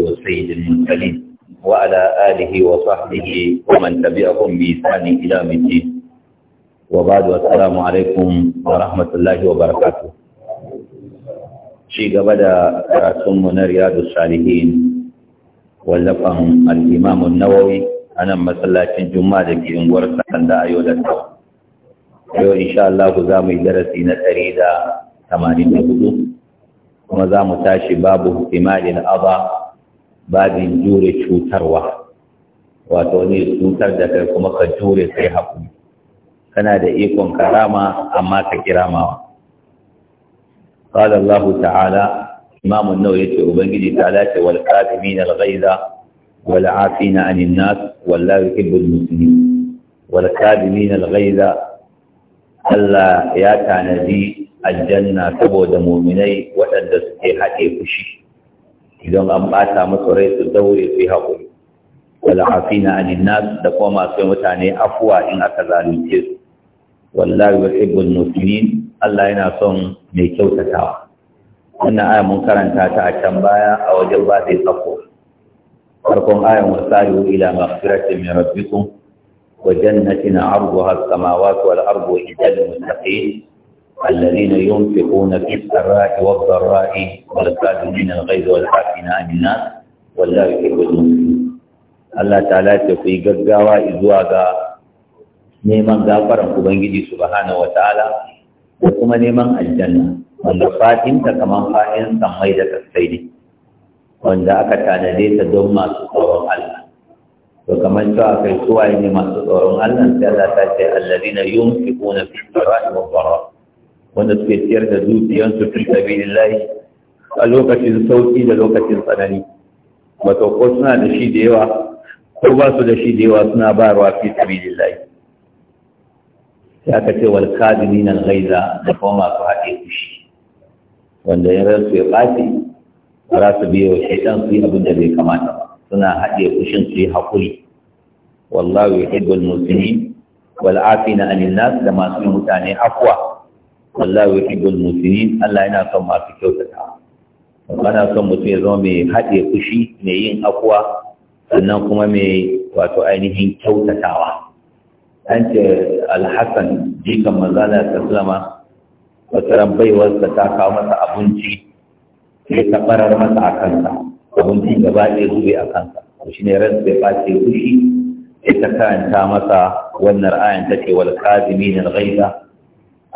والسيد المرسلين وعلى آله وصحبه ومن تبعهم بإحسان إلى الدين وبعد والسلام عليكم ورحمة الله وبركاته شيء قبل رسم رياض الصالحين واللقم الإمام النووي أنا مسلاتين جمعة في أنقر سندا أيوة yau insha Allah za mu yi darasi na ɗari da tamanin da hudu kuma za mu tashi babu himalin aba babin jure cutarwa wato ne cutar da kai kuma ka jure sai haƙuri kana da ikon karama amma ka kiramawa قال الله تعالى إمام النووي وبنجي تعالى والكاظمين الغيظ والعافين عن الناس والله يحب المسلمين al الغيظ Allah ya tanadi aljanna saboda muminai waɗanda suke haɗe fushi idan an bata masa rai su daure su yi haƙuri wala afina anin nas da kuma masu mutane afuwa in aka zalunce su wallahi yuhibbul muslimin Allah yana son mai kyautatawa wannan aya mun karanta ta a can baya a wajen ba zai tsako farkon ayan wasalu ila maghfiratin min rabbikum wa jannatin arduha as-samawati wal ardu idal muttaqin الذين ينفقون في السراء والضراء والكاظمين الغيظ والعافين عن الناس والله يحب المسلمين الله تعالى تكوي غغاوا izuwa ga neman gafaran ubangiji subhanahu wataala da kuma neman aljanna wanda fatin ta kaman fa'in samai da kasai ne wanda aka tanade ta don masu tsoron Allah to kamar cewa kai suwaye ne masu tsoron Allah sai Allah ta ce allazina yunfiquna fi sara'i wad-dharra wanda suke siyar da zuciyarsu fi sabilillahi a lokacin sauki da lokacin tsanani wato ko suna da shi da yawa ko ba su da shi da yawa suna bayarwa fi sabilillahi Ya aka ce wal kadimin da kuma masu haɗe fushi wanda ya rasu ya ɓaci ba za su biyo shaitan su yi abin da bai kamata ba suna haɗe kushin su yi haƙuri wallahu yuhibbul muslimin wal afina anil nas da masu mutane afwa ya yuhibbul muslimin Allah yana son masu kyautata kana son mutum ya zama mai haɗe fushi mai yin akuwa sannan kuma mai wato ainihin kyautatawa an ce alhassan jikan manzana ta sulama wata rambaiwarsa ta kawo masa abinci sai ta ɓarar masa a kansa abinci gaba ɗaya zube a kansa shi ne ran sai ɓace fushi sai ta karanta masa wannan ra'ayin ta ce wal kazimin al-ghaiza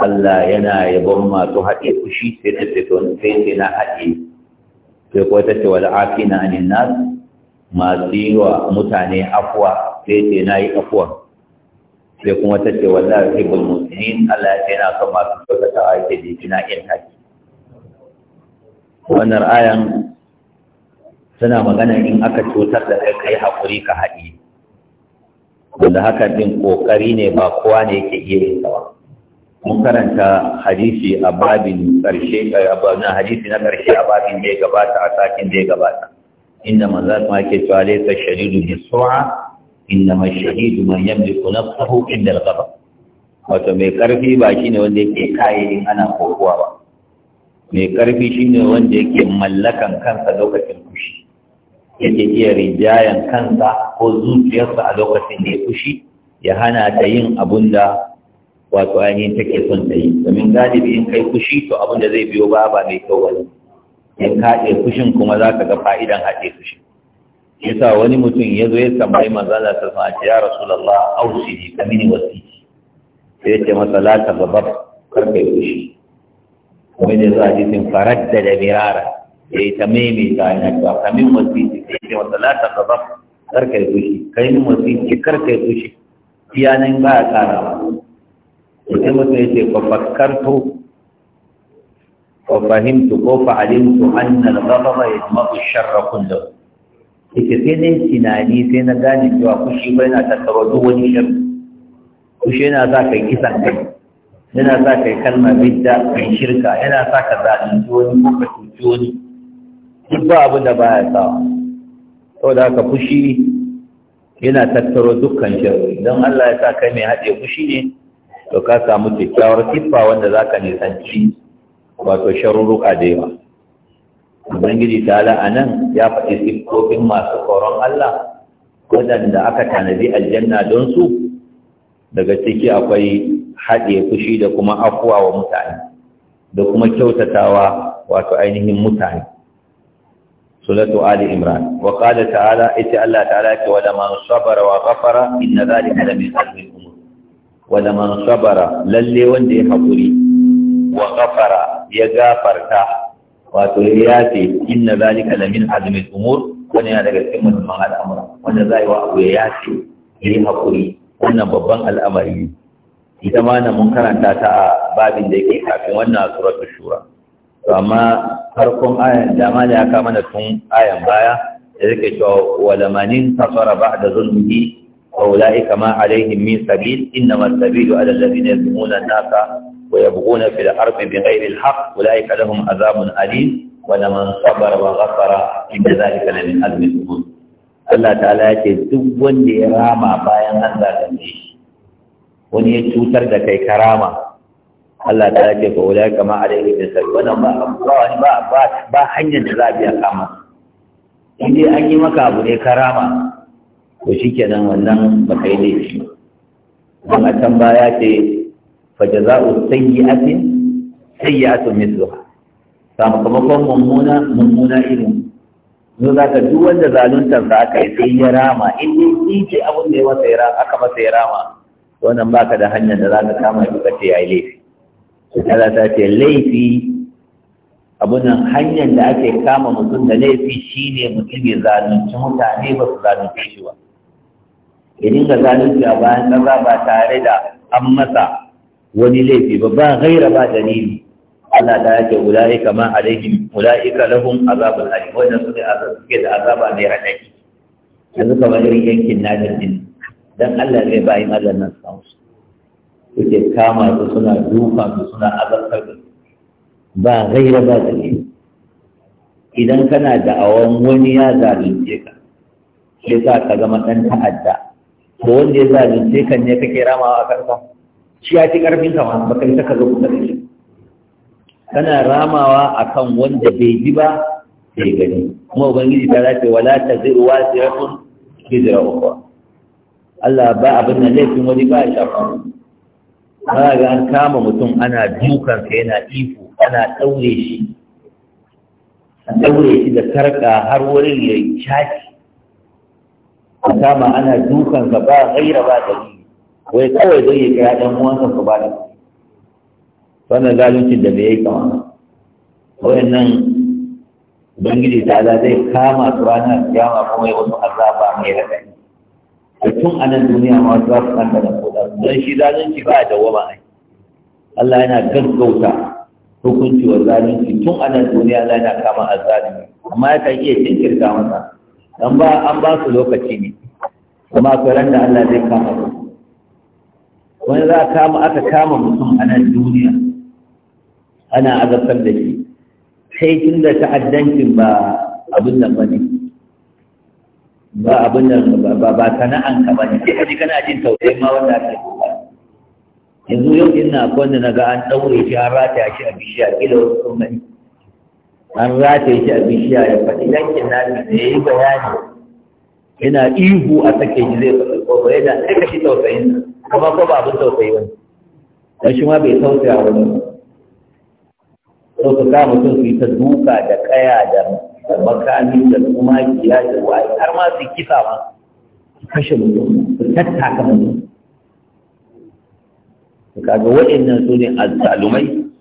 Allah yana yabon masu haɗe kushi sai ta sai na haɗe sai kuwa ta ce wa la'afi na anin na masu yi wa mutane afuwa sai sai na yi afuwa sai kuma ta ce wa la'afi ba Musulmi Allah ya na son masu kyautata wa yake jiki na yin haƙi wannan ra'ayan suna magana in aka cutar da kai kai haƙuri ka haɗe, wanda hakan din ƙoƙari ne ba kowa ne yake iya yin sawa mun karanta hadisi a babin karshe na eh, hadisi na karshe a babin da ya gabata a sakin da ya gabata inda manzo ma ke cewa ta shahidu bi su'a inna ma shahidu man yamliku nafsahu inda al-ghadab wato mai karfi ba shine wanda yake in ana kokowa ba mai karfi shine wanda yake mallakan kansa lokacin fushi, yake iya rijayan kansa ko zuciyarsa a lokacin da ya kushi ya hana ta yin abun da wato ainihin take son ta yi domin galibi in kai fushi to abin da zai biyo ba ba mai kyau wani in ka haɗe fushin kuma za ka ga fa'idan haɗe fushi yasa wani mutum ya zo ya tambayi manzala ta sama ce ya rasulallah ausi ka mini wasiki sai ya ce masa la ta babar karka yi fushi kuma da za a ji sun farar da da mirara ya yi ta ta yana cewa ka min wasiki sai ya ce masa la ta babar karka yi fushi ka yi min wasiki karka yi fushi iya nan ba a ƙara sai mutum ya ce fafakkartu fahimtu ko fa'alimtu annal ghadaba yajma'u sharra kullahu yake sai dai tunani sai na gane cewa fushi ba yana tattaro duk wani shar fushi yana sa kai kisan kai yana sa kai kalma bidda kai shirka yana sa ka zalunci wani ko ka cuci wani duk ba abin da baya sa. saboda haka fushi yana tattaro dukkan shar don Allah ya sa kai mai haɗe fushi ne to ka samu kyakkyawar siffa wanda za ka nisanci wato sharurruka da yawa ubangiji ta ala a nan ya faɗi siffofin masu tsoron allah waɗanda aka tanadi aljanna don su daga ciki akwai haɗe fushi da kuma afuwa wa mutane da kuma kyautatawa wato ainihin mutane suratu ali imran wa qala ta'ala ita Allah ta'ala ke wa man sabara wa ghafara inna zalika alamin min azmi wa man sabara lalle wanda ya haƙuri wa ghafara ya gafarta wato ya yafe inna zalika min azmil umur wani yana daga cikin muhimman al'amura wanda zai wa abu ya yafe ya yi haƙuri wannan babban al'amari ne ita ma na mun karanta ta a babin da yake kafin wannan a suratul shura to amma farkon ayan da ma da ya kama da tun ayan baya da yake cewa walamanin ba da zulmihi فأولئك ما عليهم من سبيل إنما السبيل على الذين يظلمون الناس ويبغون في الأرض بغير الحق أولئك لهم عذاب أليم ولمن صبر وغفر إن ذلك لمن أزم الأمور Allah ta'ala ya ce duk wanda ya rama bayan an zaɓe wani ya cutar da kai karama Allah ta'ala ce ko wala kama a dai da sai wannan ba ba ba ba hanyar da za a biya kama in dai an yi maka abu ne karama ko shi kenan wannan ba ka yi laifi don a can baya ce asin, sayyi'atin sayyi'atun misluha sakamakon mummuna mummuna irin zo za ka duk wanda zaluntar da aka yi sai ya rama in dai ce abin da ya masa ya rama aka masa ya rama wannan baka da hanyar da za ka kama shi kace yayi laifi kada ta ce laifi abin nan hanyar da ake kama mutum da laifi shine mutum ya zalunci mutane ba su zalunce shi ba idan dinga gani a bayan ƙasa ba tare da an masa wani laifi ba ba gaira ba dalili Allah ta yake kama alaihi ulai ka lahum azabul alim wannan su azab suke da azaba mai raɗaɗi yanzu kamar irin yankin nadir din dan Allah zai bayin Allah nan samu suke kama su suna duka su suna azabtar da su ba gaira ba dalili idan kana da awon wani ya zalunce ka sai ka zama ɗan ta'adda Ko wanda ya ce kan ne kake ramawa a karfa shi ya ci karfin ka ma baka isa ka zo kusa da shi kana ramawa akan wanda bai ji ba bai gani kuma ubangiji ta zafi wala ta zai wa ziratun hijira uku Allah ba abin da laifin wani ba ya shafa ba ga an kama mutum ana dukan ka yana ihu ana daure shi daure shi da sarka har wurin ya caki. a kama ana dukansa ba gaira ba dalili wai kawai zai yi kaya ɗan uwansa su ba da wannan zaluncin da bai yi kama nan ubangiji ta ala zai kama su ranar kiyama kuma ya wasu azaba mai raɗaɗi da tun a nan duniya ma wasu za su kanta da koda don shi zalunci ba a ba ai Allah yana gaggauta hukunci wa zalunci tun a nan duniya Allah yana kama azzalumi amma ya kan iya jinkirta masa an ba an ba su lokaci ne kuma akwai ran da Allah zai kama su wani za a kama aka kama mutum a nan duniya ana azabtar da shi sai kin da ta'addancin ba abin nan ba ne ba abin nan ba ba sana'an ka bane ne sai ka ji kana jin tausayi ma wanda ake yanzu yau ina akwai wanda na ga an ɗaure shi an rataya shi a bishiya kila wasu sun gani an rataye shi a bishiya ya faɗi yankin nami da ya yi bayani yana ihu a sake shi zai faɗi ko yana aika shi tausayin kuma ko ba abin tausayi ba dan shi ma bai tausaya wani sau Sauka ka mutum su yi ta duka da kaya da makami da kuma kiya da waye har ma su kisa ma su kashe mutum su tattaka mutum kaga waɗannan su ne azzalumai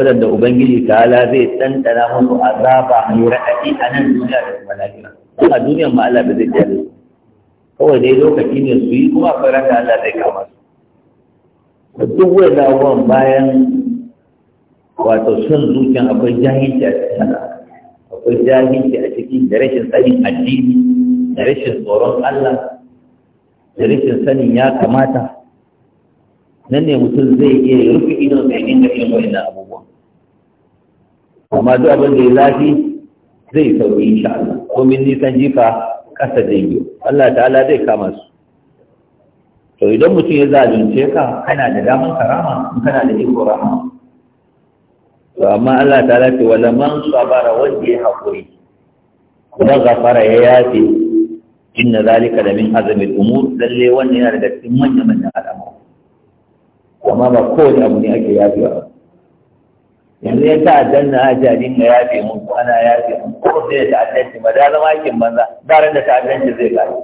waɗanda ubangiji ala zai ɗanɗana musu azaba mai raɗaɗi a nan duniya da kuma lafiya ko a duniyan ma Allah ba zai tare su kawai dai lokaci ne su yi kuma akwai ranar Allah zai kama su duk wani abubuwan bayan wato son zuciyan akwai jahilci a cikin akwai jahilci a ciki da rashin sanin addini da rashin tsoron Allah da rashin sanin ya kamata nan ne mutum zai iya rufe idon sai inda irin wa'annan abubuwan amma duk abin da ya zafi zai sauki insha Allah komin nisan jifa ƙasa zai yi Allah ta'ala zai kama su to idan mutum ya zalunce ka kana da damar karama in kana da iko rahama to amma Allah ta'ala ce wala man sabara wanda ya hakuri Kuma gafara ya yafe inna zalika da min azamil umur lalle wannan yana daga cikin manya manyan al'amura amma ba kowace abu ne ake yafewa ba yanzu ya ta na a jarin ya yafe mun ko ana yafe mun ko sai da ta'addanci ba da zama kin banza da ran da ta'addanci zai gari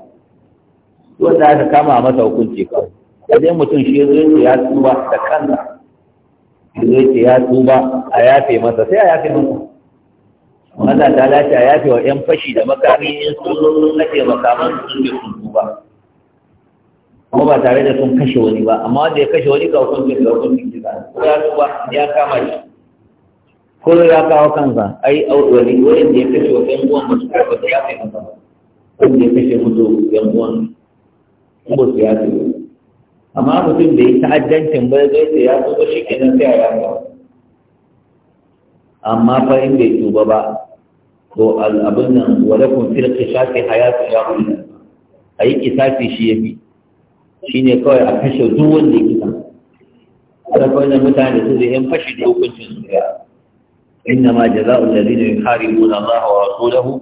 to da aka kama masa hukunci kawai sai mutum shi zai ce ya tuba da kansa zai ce ya tuba a yafe masa sai a yafe masa Allah ta lafiya ya fi wa ‘yan fashi da makami in sun zo sun kashe makaman sun ke sun tuba kuma ba tare da sun kashe wani ba amma wanda ya kashe wani ga hukuncin ga hukuncin jika ko ya tuba ya kama shi ko ya kawo kansa ai wani wurin da ya kashe wa yan uwan masu karɓa da ya kai kansa ba wanda ya kashe mutu yan uwan ba su ya kai amma mutum da ya ta'addancin ba zai ce ya tuba shi kenan sai a ya kawo amma fa in bai tuba ba to al'abin nan walakun fil qisasi hayatu ya a yi qisasi shi ya Shi ne kawai a kashe duk wanda ya kisa da mutane su da yan fashi da hukuncin su ya إنما جزاء الذين يحاربون الله ورسوله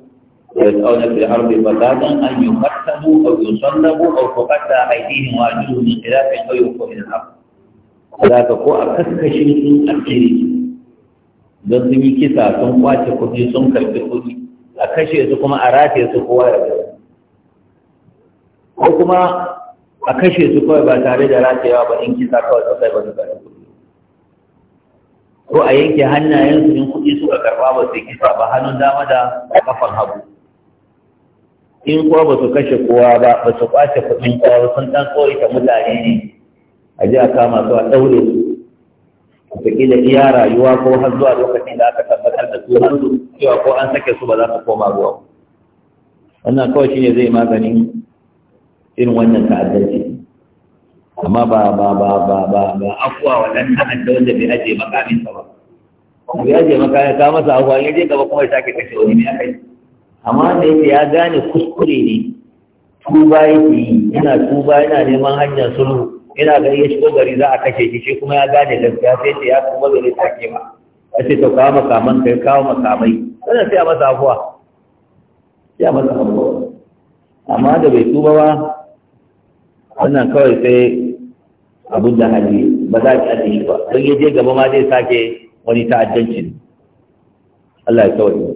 ويسعون في الحرب فسادا أن يقتلوا أو يصلبوا أو تقطع أيديهم وأرجلهم من خلاف أو يلقوا من الأرض za ka ko a kaskashe sun don sun yi kisa sun kwace kuɗi sun karfi kuɗi a kashe su kuma a rataye su kowa ya ko kuma a kashe su kawai ba tare da ratayewa ba in kisa kawai suka ba ko a yanke hannayen su in kuɗi suka karɓa ba su kisa ba hannun dama da kafan hagu in kuwa ba su kashe kowa ba ba su kwace kuɗin kowa ba sun ɗan ta mutane ne a ji a kama su a ɗaure su da iya rayuwa ko har zuwa lokacin da aka tabbatar da su hannu cewa ko an sake su ba za su koma ruwa wannan kawai shi ne zai maganin irin wannan ta'addanci amma ba ba ba ba ba ba afuwa an ta'adda wanda bai ajiye makamin sa ba bai je makamin ka masa afuwa ya je gaba kuma ya sake kashe wani mai akai amma da yake ya gane kuskure ne tuba yake yi yana tuba yana neman hanyar sulhu yana gani ya shigo gari za a kashe shi shi kuma ya gane gaskiya sai ce ya kuma gari ke ba ya ce to kawo makaman kai kawo makamai wannan sai a masa afuwa Ya masa afuwa amma da bai tuba ba wannan kawai sai da jahali ba za a ajiye shi ba don ya je gaba ma zai sake wani ta'addanci Allah ya kawai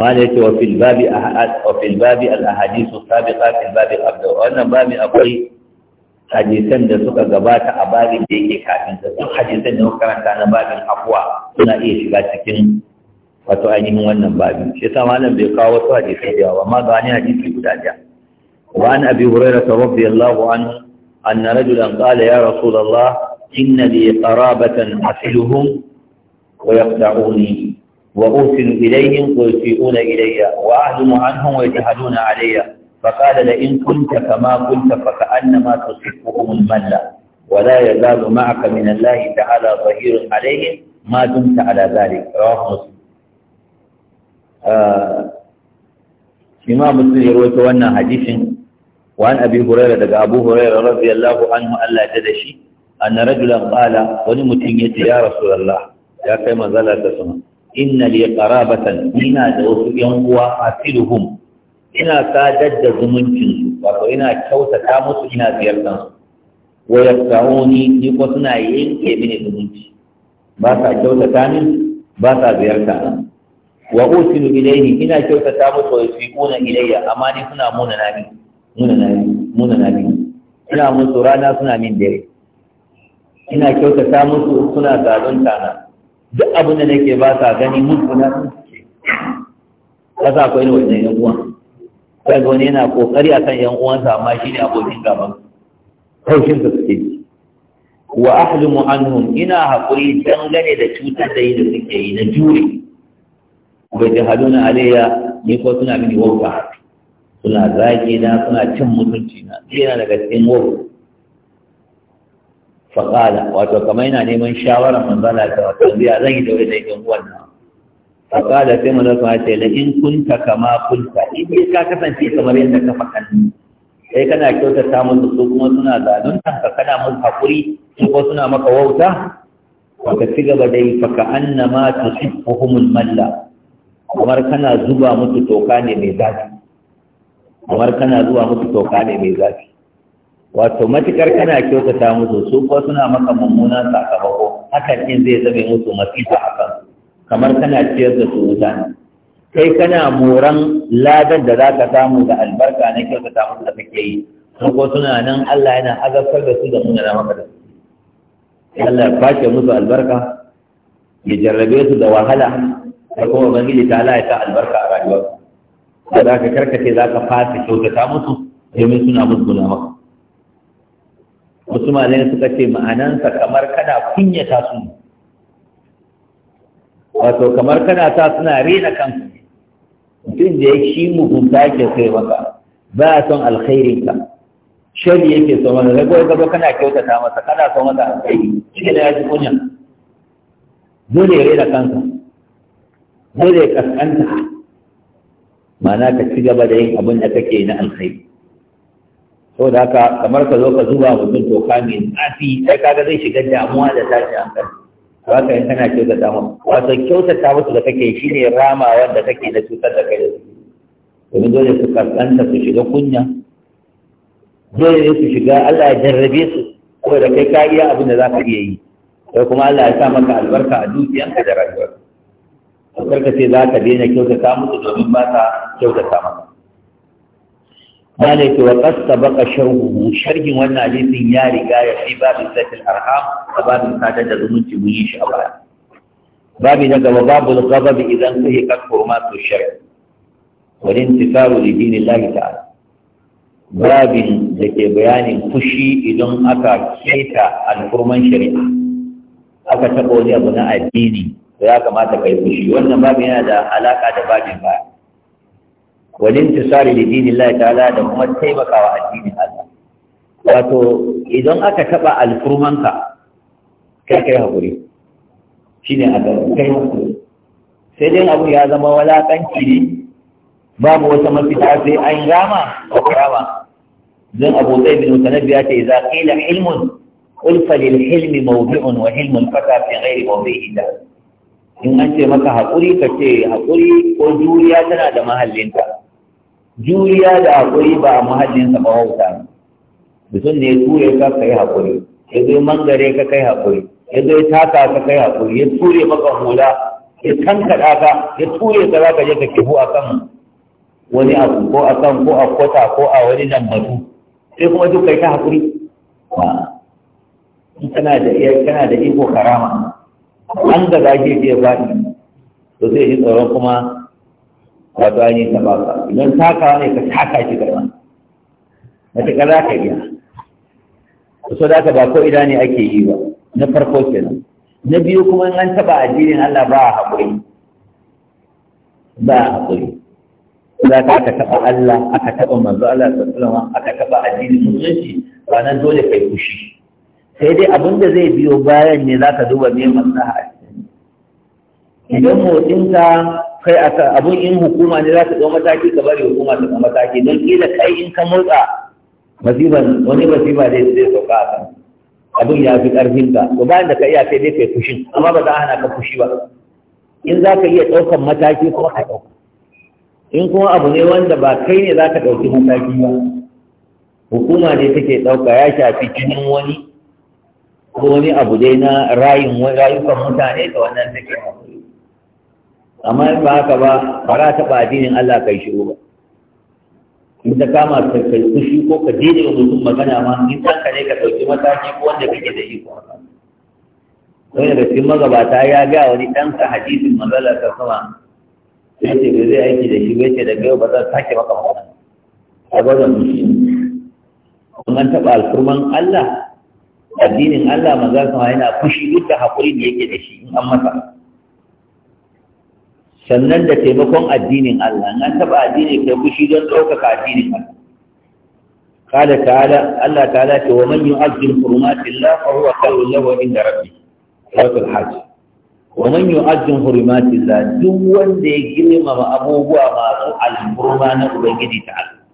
قال يتي وفي الباب وفي الباب الاحاديث sabi kafin babi الابد Wannan babi akwai hadisan da suka gabata a babin da yake kafin da duk hadisan da karanta na babin afuwa suna iya shiga cikin wato ainihin wannan babin shi yasa malam bai kawo wasu hadisai da yawa amma ga wani hadisi guda ɗaya وعن أبي هريرة رضي الله عنه أن رجلا قال يا رسول الله إن لي قرابة أصلهم ويقطعوني وأوصل إليهم ويسيئون إلي وأعلم عنهم ويجهلون علي فقال لئن كنت كما كنت فكأنما تصفهم الملة ولا يزال معك من الله تعالى ظهير عليهم ما دمت على ذلك رواه مسلم آه. إمام مسلم يروي wannan حديثا وعن أبي هريرة دقى أبو هريرة رضي الله عنه ألا تدشي أن رجلا قال ولمتنيت يا رسول الله يا كما ظل تسمى إن لي قرابة إنا دوسك ينقوى أسلهم إنا سادد زمنتنس وإنا كوتا تامس إنا زيارتنس ويقطعوني نقصنا ينكي من زمنتي باسا كوتا تامس باسا زيارتنا وأوصل إليه إنا كوتا تامس ويسيقون إلي أماني هنا موننا منه muna na biyu ina musu rana suna min dare ina kyautata musu suna zalunta na duk abin da nake ba sa gani musu na sun ce kasa akwai ni wajen yan uwan kai ga wani yana kokari akan yan uwansa amma shi ne abokin gaban kaushin su suke ji wa ahlumu anhum ina haƙuri dangane da cutar da yi da suke yi na jure bai jahaluna alayya ni ko suna mini wauta suna zagi na suna cin mutunci na yana daga cikin wuri faƙala wato kamar yana neman shawarar manzala ta wata ya zan yi da yin daidan wannan faƙala sai manzala ta ce la in kunta kama kunta in ka kasance kamar yadda ka faɗa sai kana kyautata musu su kuma suna zalunta ka kana musu haƙuri su ko suna maka wauta ka ci gaba dai fa ka annama tusibbuhumul malla kamar kana zuba musu toka ne mai zafi kamar kana zuwa musu toka ne mai zafi wato matukar kana kyautata musu su ko suna maka mummuna sakamako hakan in zai zame musu masifa a kan kamar kana ciyar da su wuta ne kai kana moran ladan da za ka samu da albarka na kyautata musu da kake yi su ko suna nan Allah yana azabtar da su da munana maka da su Allah ya kwace musu albarka ya jarrabe su da wahala da kuma ubangiji ta Allah ya sa albarka a rayuwarsu ba za ka karkace za ka fata kyautata musu domin suna musguna maka wasu malayan suka ce ma'anansa kamar kana kunyata su wato kamar kana sa suna rena kansu mutum da ya shi mugunta ke sai maka ba a son alkhairin ka shari yake so mana rago ya gaba kana kyautata masa kana son masa alkhairi shi ne ya ji kunya dole ya rena kansa dole ya kaskanta ma'ana ka ci gaba da yin abin da kake na alkhairi sau da haka kamar ka zo ka zuba mutum ka mai Zafi sai kaga zai shiga damuwa da tashi hankali to haka in kana kyautata musu wato ta mutu da kake shi ne rama wanda kake na cutar da kai da su domin dole su kaskanta su shiga kunya dole ne su shiga Allah ya jarrabe su ko da kai ka iya abin da za ka iya yi sai kuma Allah ya sa maka albarka a dukiyanka da rayuwarka karka ce za ka daina kyautata musu domin ba ta kyautata maka malai ce wa kasta baka sharhu sharhin wannan hadisin ya riga ya fi babin sakil arham a babin sadar da zumunci mun yi shi a baya babi na gaba babu gaba bi idan kai ka kurma to shar wa intisaru li dinillahi ta'ala babin da ke bayanin fushi idan aka keta alfurman shari'a aka taɓa wani abu na addini to ya kamata ka yi fushi wannan babin yana da alaka da babin baya walin tisari da dinin Allah ala da kuma taimakawa addinin Allah wato idan aka taba alfurmanka kai kai hakuri ne aka kai hakuri sai dai abu ya zama walaƙanci ne babu wata mafita sai an rama ko rama Zan Abu zai bin Mutanabbi ce yi qila ilmun qul falil hilmi wa hilmul fata fi ghairi da in an ce maka haƙuri ka ce haƙuri ko juriya tana da mahallinta juriya da haƙuri ba a mahallinsa ba wauta mutum ne ture ka kai haƙuri ya zai mangare ka kai haƙuri ya zai taka ka kai haƙuri ya ture maka hula ya tankaɗa ka ya ture ka za ka je ka kihu a kan wani abu ko a kan ko a kwata ko a wani lambatu sai kuma duk kai ta haƙuri kana da iko karama an ga zage ya faɗi to zai yi tsoron kuma wato yi taɓa ka idan takawa ne ka taka shi na matuƙar za ka biya so da ba ko idan ne ake yi ba na farko kenan na biyu kuma in an taɓa addinin Allah ba a haƙuri ba a haƙuri za ka aka taɓa Allah aka taɓa manzo Allah sallallahu alaihi wasallam aka taba addinin musulunci ba nan dole kai fushi sai dai abin da zai biyo bayan ne za ka duba a maslaha idan motsinka kai a abin in hukuma ne za ka ɗau mataki ka bari hukuma ta mataki don kila kai in ka motsa masifan wani masifa zai zai sauka a kan abin ya fi ƙarfin ka to bayan da ka iya kai dai kai fushin amma ba za a hana ka fushi ba in za ka iya ɗaukan mataki kuma ka ɗauka in kuma abu ne wanda ba kai ne za ka ɗauki mataki ba hukuma ne take ɗauka ya shafi jinin wani ko wani abu dai na rayin rayukan mutane da wannan take hakuri amma in ba haka ba ba za ta ba addinin Allah kai shiru ba in ta kama ta kai kushi ko ka daina mutum magana ma in ka ne ka dauki mataki ko wanda kake da iko wani da cikin magabata ya ga wani ɗansa hadisin manzala ta sama ya ce bai zai aiki da shi bai ce daga yau ba zan sake maka magana a gwada mushi kuma an taɓa alfurman Allah addinin Allah maza sama yana fushi duk da haƙuri da yake da shi in an masa sannan da taimakon addinin Allah in an taɓa addini kai fushi don ɗaukaka addinin Allah Kada ta'ala Allah ta'ala ce wa man yu'azzim hurumatillah fa huwa khairun lahu inda rabbih suratul hajj wa man yu'azzim hurumatillah duk wanda ya girmama abubuwa masu alfurma na ubangiji ta'ala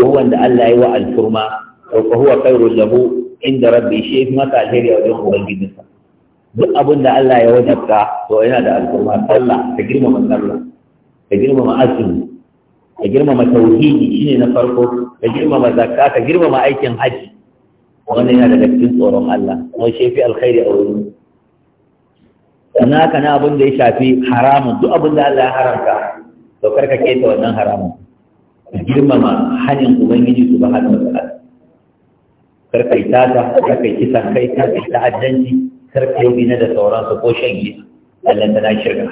abubuwan da Allah ya yi wa alfurma fa huwa khairun lahu inda rabbi shi ya masa alheri a wajen ubangijinsa duk abin da Allah ya wajabta to yana da alƙurma sallah ta girmama sallah ta girmama azumi ta girmama tauhidi shine na farko ta girmama zakka ta girmama aikin haji wannan yana daga cikin tsoron Allah kuma shi fi alkhairi a wurin sannan haka na abin da ya shafi haramun duk abin da Allah ya haramta to karka keta wannan haramun girmama hannun ubangiji ba hannun ta'ala karka yi tata karka yi kisan kai karka yi ta'addanci karka yi bina da sauransu ko shan giya Allah tana shirka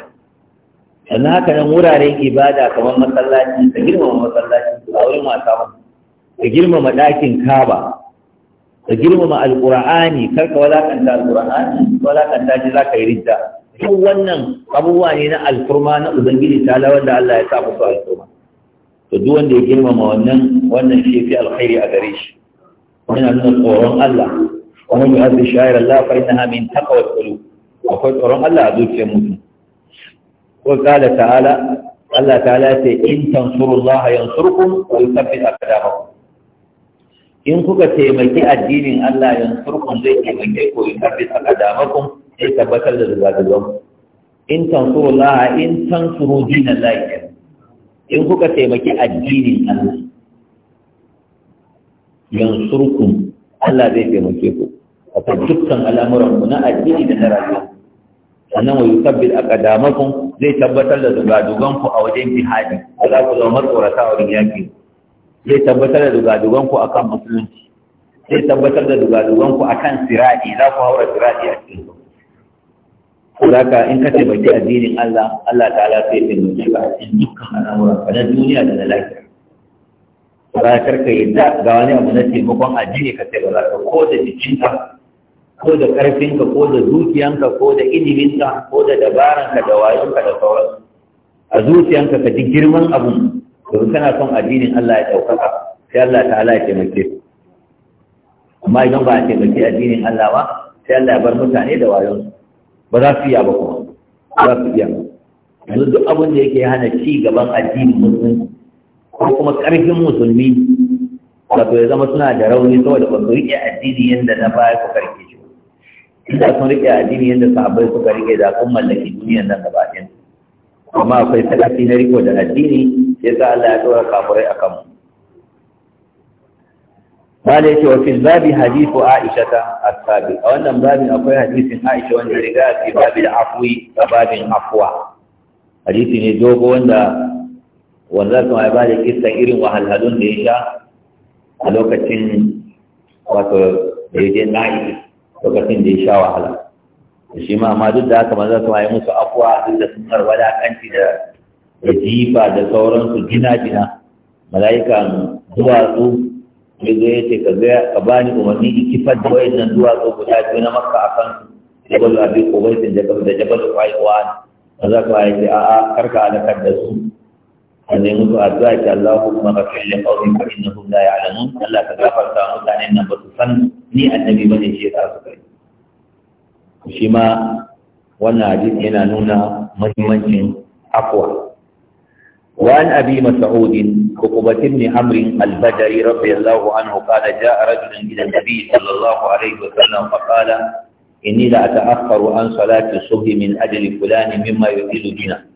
sannan haka nan wuraren ibada kamar masallaci ka girmama masallaci a wurin wasa ka girmama ɗakin kaba ka girmama alƙur'ani karka walakanta alƙur'ani walakanta shi za ka yi ridda duk wannan abubuwa ne na alfurma na ubangiji ta lawar da Allah ya sa musu alfurma to duk wanda ya girmama wannan wannan shi fi alkhairi a gare shi yana nuna tsoron Allah wa man yu'azzi sha'ir Allah fa innaha min taqwa al-qulub akwai tsoron Allah a zuciyar mutum ko kala ta'ala Allah ta'ala ce in tansurullaha yansurkum wa yuthabbit aqdamakum in kuka taimaki addinin Allah yansurkum zai taimake ku yuthabbit aqdamakum sai tabbatar da zagazan in tansurullaha in tansuru dinallahi in kuka taimaki addinin Allah yansurkum Allah zai taimake ku akan dukkan al'amuran ku na addini da na rayuwa sannan wa yusabbit aqdamakum zai tabbatar da dugadugan ku a wajen jihadi ba za ku zama tsorata a wajen yaki zai tabbatar da dugadugan ku akan musulunci zai tabbatar da dugadugan ku akan sirati za ku haura sirati a cikin ku ka in ka taimaki addinin Allah, Allah ta'ala sai ya taimake ka a cikin dukkan al'amuran ka na duniya da na lafiya. karatar ka yadda ga wani abu na taimakon addini ka sai ba ka ko da jikinka ko da ƙarfinka ko da zuciyanka ko da iliminka ko da dabaranka da wayonka da sauransu a zuciyanka ka ji girman abun domin kana son addinin Allah ya ɗaukaka sai Allah ta'ala ya taimake amma idan ba a taimake addinin Allah ba sai Allah ya bar mutane da wayonsu ba za su iya ba kuma ba za su iya ba yanzu duk abin da yake hana ci gaban addinin musulunci ko kuma ƙarfin musulmi wato ya zama suna da rauni saboda ba su riƙe addini yadda na baya ku karke shi inda sun riƙe addini yadda sahabbai suka riƙe da kun mallaki duniyar nan gaba ɗaya amma akwai sakaci na riko da addini sai sa Allah ya tsora kafurai a kanmu قال يتي وفي الباب حديث عائشة السابق أولا باب أقوي حديث عائشة وأن رجاء في باب العفو afuwa. عفو حديث dogo wanda. wanda su mai ba da kisan irin wahalhalun da ya sha a lokacin wato daidai na'i lokacin da ya sha wahala da shi ma amma duk da haka za su mai musu afuwa duk da sun karɓa da kanci da da jifa da sauransu gina-gina mala'ika duwatsu ya zo ya ce ka zai ka ba ni umarni in kifar da wayannan duwatsu guda biyu na makka a kan jabal abin ubaisin da jabal qaiwan za ka mai ce a'a karka alakar da su wanda ya mutu addu'a ce ka ghafir li qawmin fa innahum la ya'lamun Allah ka gafarta mutanen nan ba su san ni annabi bane shi ya su kai shi ma wannan hadisi yana nuna muhimmancin afwa وعن أبي مسعود عقبة بن عمرو البجري رضي الله عنه قال جاء رجل إلى النبي صلى الله عليه وسلم فقال إني لأتأخر عن صلاة الصبح من أجل فلان مما يؤذي بنا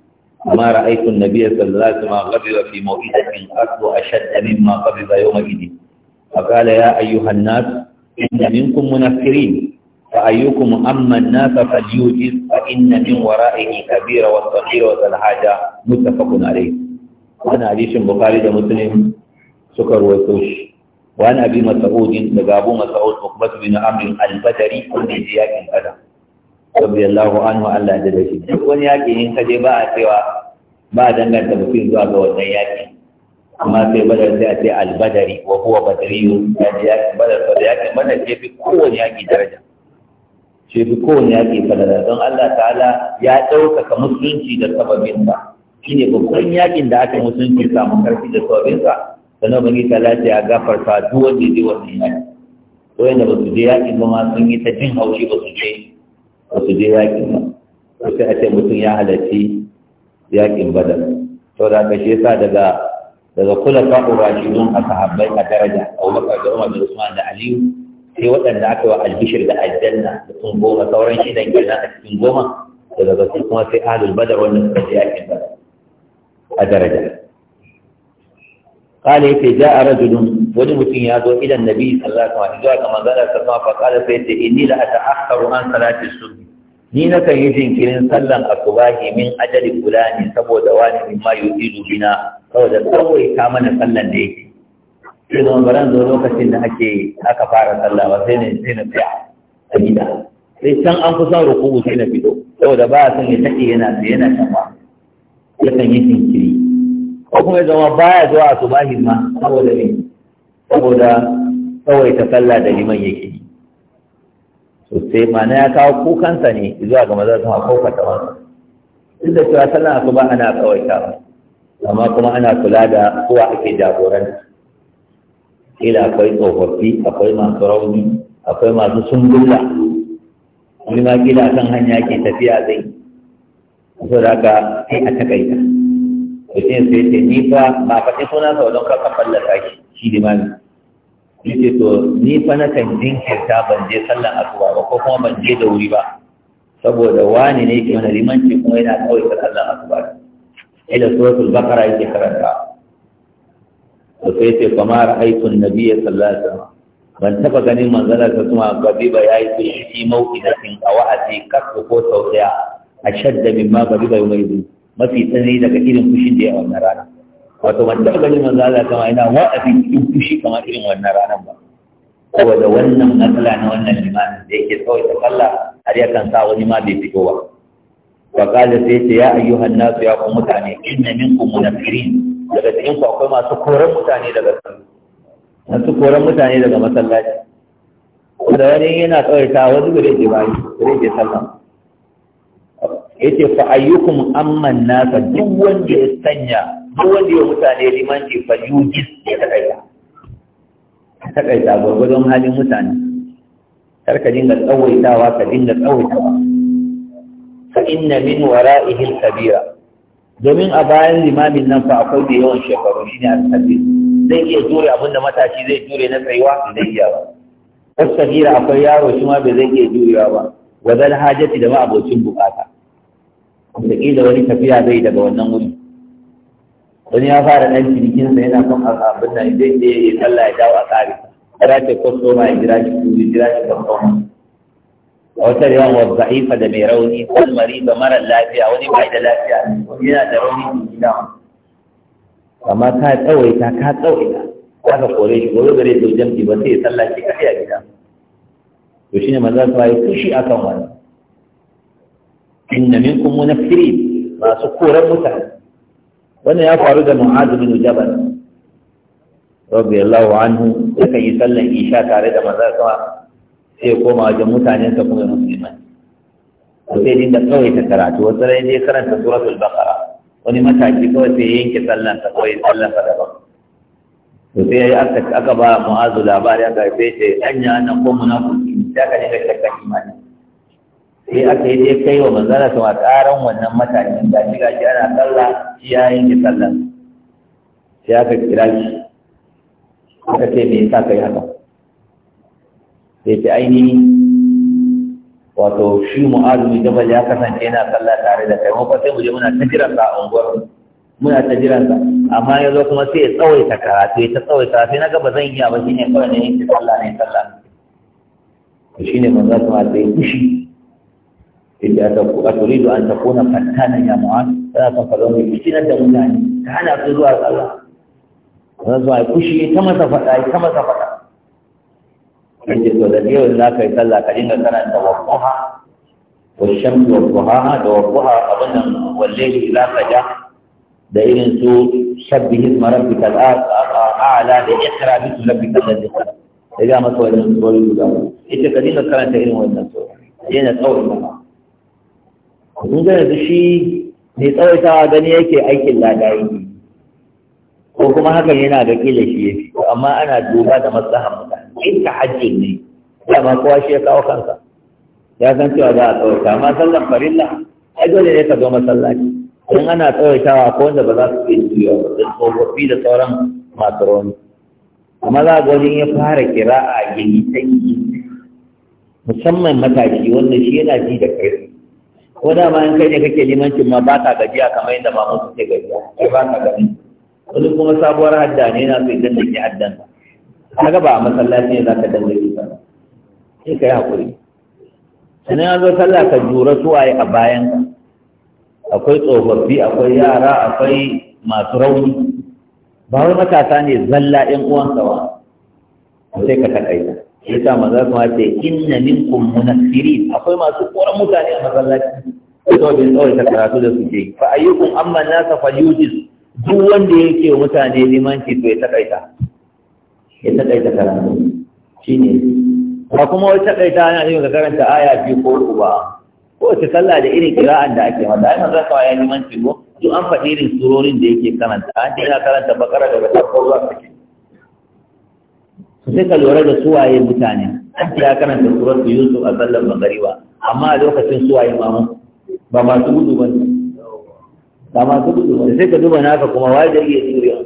ما رأيت النبي صلى الله عليه وسلم غضب في موئدة الأرض أشد مما غضب يومئذ فقال يا أيها الناس إن منكم منفرين فأيكم أما الناس فليوجز فإن من ورائه كبير والصغير وذا الحاجة متفق عليه وأنا حديث البخاري مسلم سكر وسوش وأنا أبي مسعود لقى أبو مسعود عقبة بن عمرو البدري كل زياد الأدب wa anhu Allah da shi duk wani yaƙi in ka je ba a cewa ba a danganta mutum zuwa ga wannan yaki amma sai badar sai a ce albadari wa huwa badariyu ya ji yaƙi badar ba da yaƙin badar ce fi kowane yaƙi daraja ce fi kowane yaƙi falala don Allah ta'ala ya ɗaukaka musulunci da sababin sa shine babban yaƙin da aka musulunci samun karfi da sababin sa sannan bani ta'ala ya gafarta duk wanda ya je wannan yaƙi wanda ba su je yaƙin ba ma sun yi ta jin haushi ba su je ba su je yakin ba ko sai a ce mutum ya halarci yakin badar to da kashe shi yasa daga daga kula shi don aka sahabbai a daraja a Bakar da Umar da Usman da Aliyu sai waɗanda aka wa albishir da aljanna mutum goma sauran shi dan kenan a cikin goma daga gaske kuma sai ahlul badar wannan suka je yakin badar a daraja kala yace ja a rajulun wani mutum ya zo idan nabi sallallahu alaihi wasallam zuwa ga manzara sallallahu alaihi wasallam fa yace inni la ni na kan yi jinkirin sallan asubahi min ajali fulani saboda wani min ma yudidu bina saboda kawai ka mana sallan da yake sai zama baran lokacin da ake aka fara sallah ba sai na gida sai can an kusan rukuku sai na fito saboda ba a son ya taƙi yana yi ko kuma zama baya zuwa a subahin ma saboda ne saboda kawai ta sallah da liman yake yi to sai mana ya kawo kukansa ne zuwa ga maza sama ko fatawa duk da cewa sallah a suba ana ta amma kuma ana kula da kowa ake jagoranta kila akwai tsofaffi akwai masu rauni akwai masu sungulla wani ma kila kan hanya ke tafiya zai so da haka sai a takaita mutum sai ce ni fa ba faɗi suna sau don kaka fallasa shi shi ni ce to ni fa na kan jinkirta ban je sallar asuba ba ko kuma ban je da wuri ba saboda wani ne ke wani limanci kuma yana kawai ta sallar asuba ila suratul bakara yake karanta to sai ce kamar aitun nabiyyi sallallahu alaihi wasallam ban taba ganin manzalar ta kuma gabi ba yayi sai shi mauki da kin a wa'azi kasu ko sau daya ashadda mimma gabi ba yau mai mafi tsanani daga irin fushin da ya wannan rana wato ban taɓa ganin manzo Allah kama ina fi cikin fushi kamar irin wannan ranar ba saboda wannan matsala na wannan limanin da yake tsawai ta kalla har yakan sa wani ma bai fito ba wa qala sai ce ya ayyuhan nasu ya ku mutane inna minkum munafirin daga cikin ku akwai masu koran mutane daga masu koran mutane daga masallaci da wani yana tsawaita wani gure ke bayi gure ke sallah yace fa ayyukum amman nasa duk wanda ya sanya duk wanda ya mutane limanci fa yujis ya takaita takaita gwargwadon halin mutane kar ka dinga tsawaitawa ka dinga tsawaitawa fa inna min wara'ihi al-kabira domin a bayan limamin nan fa akwai da yawan shekaru shine al-kabir zai iya jure abinda matashi zai jure na tsayuwa idan iya ba wasu akwai yaro shi ma bai zai iya jurewa ba wa zal hajati da ma abocin bukata wataƙila wani tafiya zai daga wannan wuri wani ya fara jirgin sa yana son abin nan zai je ya talla ya dawo a tsari kira ce kwastoma ya jira shi kuri jira shi kwastoma a wata yawan wa za'ifa da mai rauni wani mari ba mara lafiya wani bai da lafiya wani yana da rauni gina wa. amma ka tsawaita ka tsawaita aka kore shi gobe gare da jam'i ba sai ya sallaci kai a gida to ne maza su ya kushi akan wani إن منكم منفرين ما سكورا متعب وانا يا فارد معاذ بن جبل رضي الله عنه لكي يسلم إيشاء تارد مرات سيقوم أجا متعنين تقوم مسلما وسيدين دقوه تكرات وصلا يجي خرن في سورة البقرة وانا ما تعجي قوة سيئين كسلم تقوي سلم فرغم وسيدين أكتك أكبر معاذ لعبار يقول سيئين أن نقوم نفسي سيئين كسلم تقوي sai aka yi dai kai wa manzana sama karan wannan matakin da shi gashi ana sallah shi ki yanke sallan sai aka kira shi aka ce me yasa kai haka sai ta ainihi wato shi mu'azu da ya kasance yana sallah tare da kai mu sai mu je muna ta jiran sa a unguwar muna ta jiran sa amma ya zo kuma sai ya tsawaita karatu ya ta tsawaita sai na gaba zan iya ba shine kawai ne yake sallah ne sallah shine manzo kuma sai fushi inda ta ku a turidu an takuna fattana ya mu'az tana son faɗa mai fitinar da mutane ta hana su zuwa Allah wani zuwa kushi ta masa faɗa ta masa faɗa kace to da yau za ka yi sallah ka dinga karanta wadduha wa shamsu wadduha da wadduha abin nan wallahi idza saja da irin su shabbih isma rabbikal a'la da ikra bi rabbikal ladhi da guda ita ka dinga karanta irin wannan tsawon kun zai yanzu shi mai tsawaitawa gani yake aikin ladayi ko kuma hakan yana da kila shi ya fi amma ana duba da maslahan mutane in ka hajji ne dama kowa shi ya kawo kansa ya san cewa za a tsawaita amma sallar farilla ai dole ne ka zo masallaci in ana tsawaitawa ko wanda ba za su iya juya ba da tsofaffi da sauran masu rauni amma za a gwajin wajen ya fara kira a gini ta musamman matashi wanda shi yana ji da kai ko da ma in kai ne kake limancin ma ba ka gajiya kamar yadda ba mun suke gajiya kai ba ka gani wani kuma sabuwar hadda ne yana so idan da ke haddan kaga ba a masallaci ne za ka dangane ba sai ka yi haƙuri sannan an zo sallah ka jura suwaye a bayan ka akwai tsofaffi akwai yara akwai masu rauni ba wai matasa ne zalla ƴan uwansa ba sai ka taƙaita ya sa maza kuma ce inna kun munafirin akwai masu koran mutane a masallaci ko bin tsawai ta karatu da suke fa ayyukun amma nasa falyujiz duk wanda ya ke mutane limanci to ya takaita ya takaita karatu ne? ba kuma wani takaita yana yin ka karanta aya fi ko uku ba ko ta sallah da irin kira'an da ake mata ai maza kuma ya limanci ko duk an faɗi irin surorin da yake karanta an ce yana karanta bakara daga farko zuwa cikin sai ka lura da suwaye mutane an ya karanta su yusuf a sallar magariba amma a lokacin suwaye mamu ba masu gudu ba ne ba masu gudu ba sai ka duba naka kuma wa da iya juriya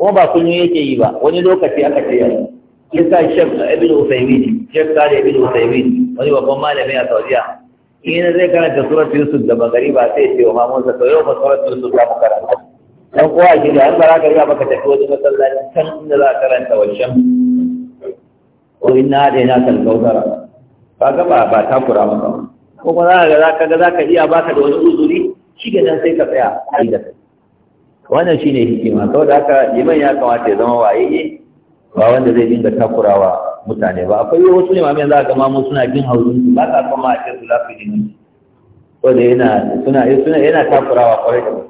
kuma ba kunyo yake yi ba wani lokaci aka ce Ya yau yasa shek ibn usaymin shek sale ibn usaymin wani babban malami a saudiya in zai karanta su yusuf da magariba sai ce wa mamunsa to yau ba su yusuf za mu karanta dan kowa shi da an bara gari ba ka tafi wani masallaci can inda za a karanta wancan ko na adaina kal kautara kaga ba ba kura maka ko kuma za ga ka ga za ka iya ba ka da wani uzuri shi nan sai ka tsaya ai da kai wannan shine hikima saboda haka liman ya kamata ya zama waye ba wanda zai dinga takurawa mutane ba akwai wasu ne limamai za ka ma mamu suna bin hauzin su ba ka kuma a cikin su lafi ko da yana suna suna yana takurawa kwarai da ba.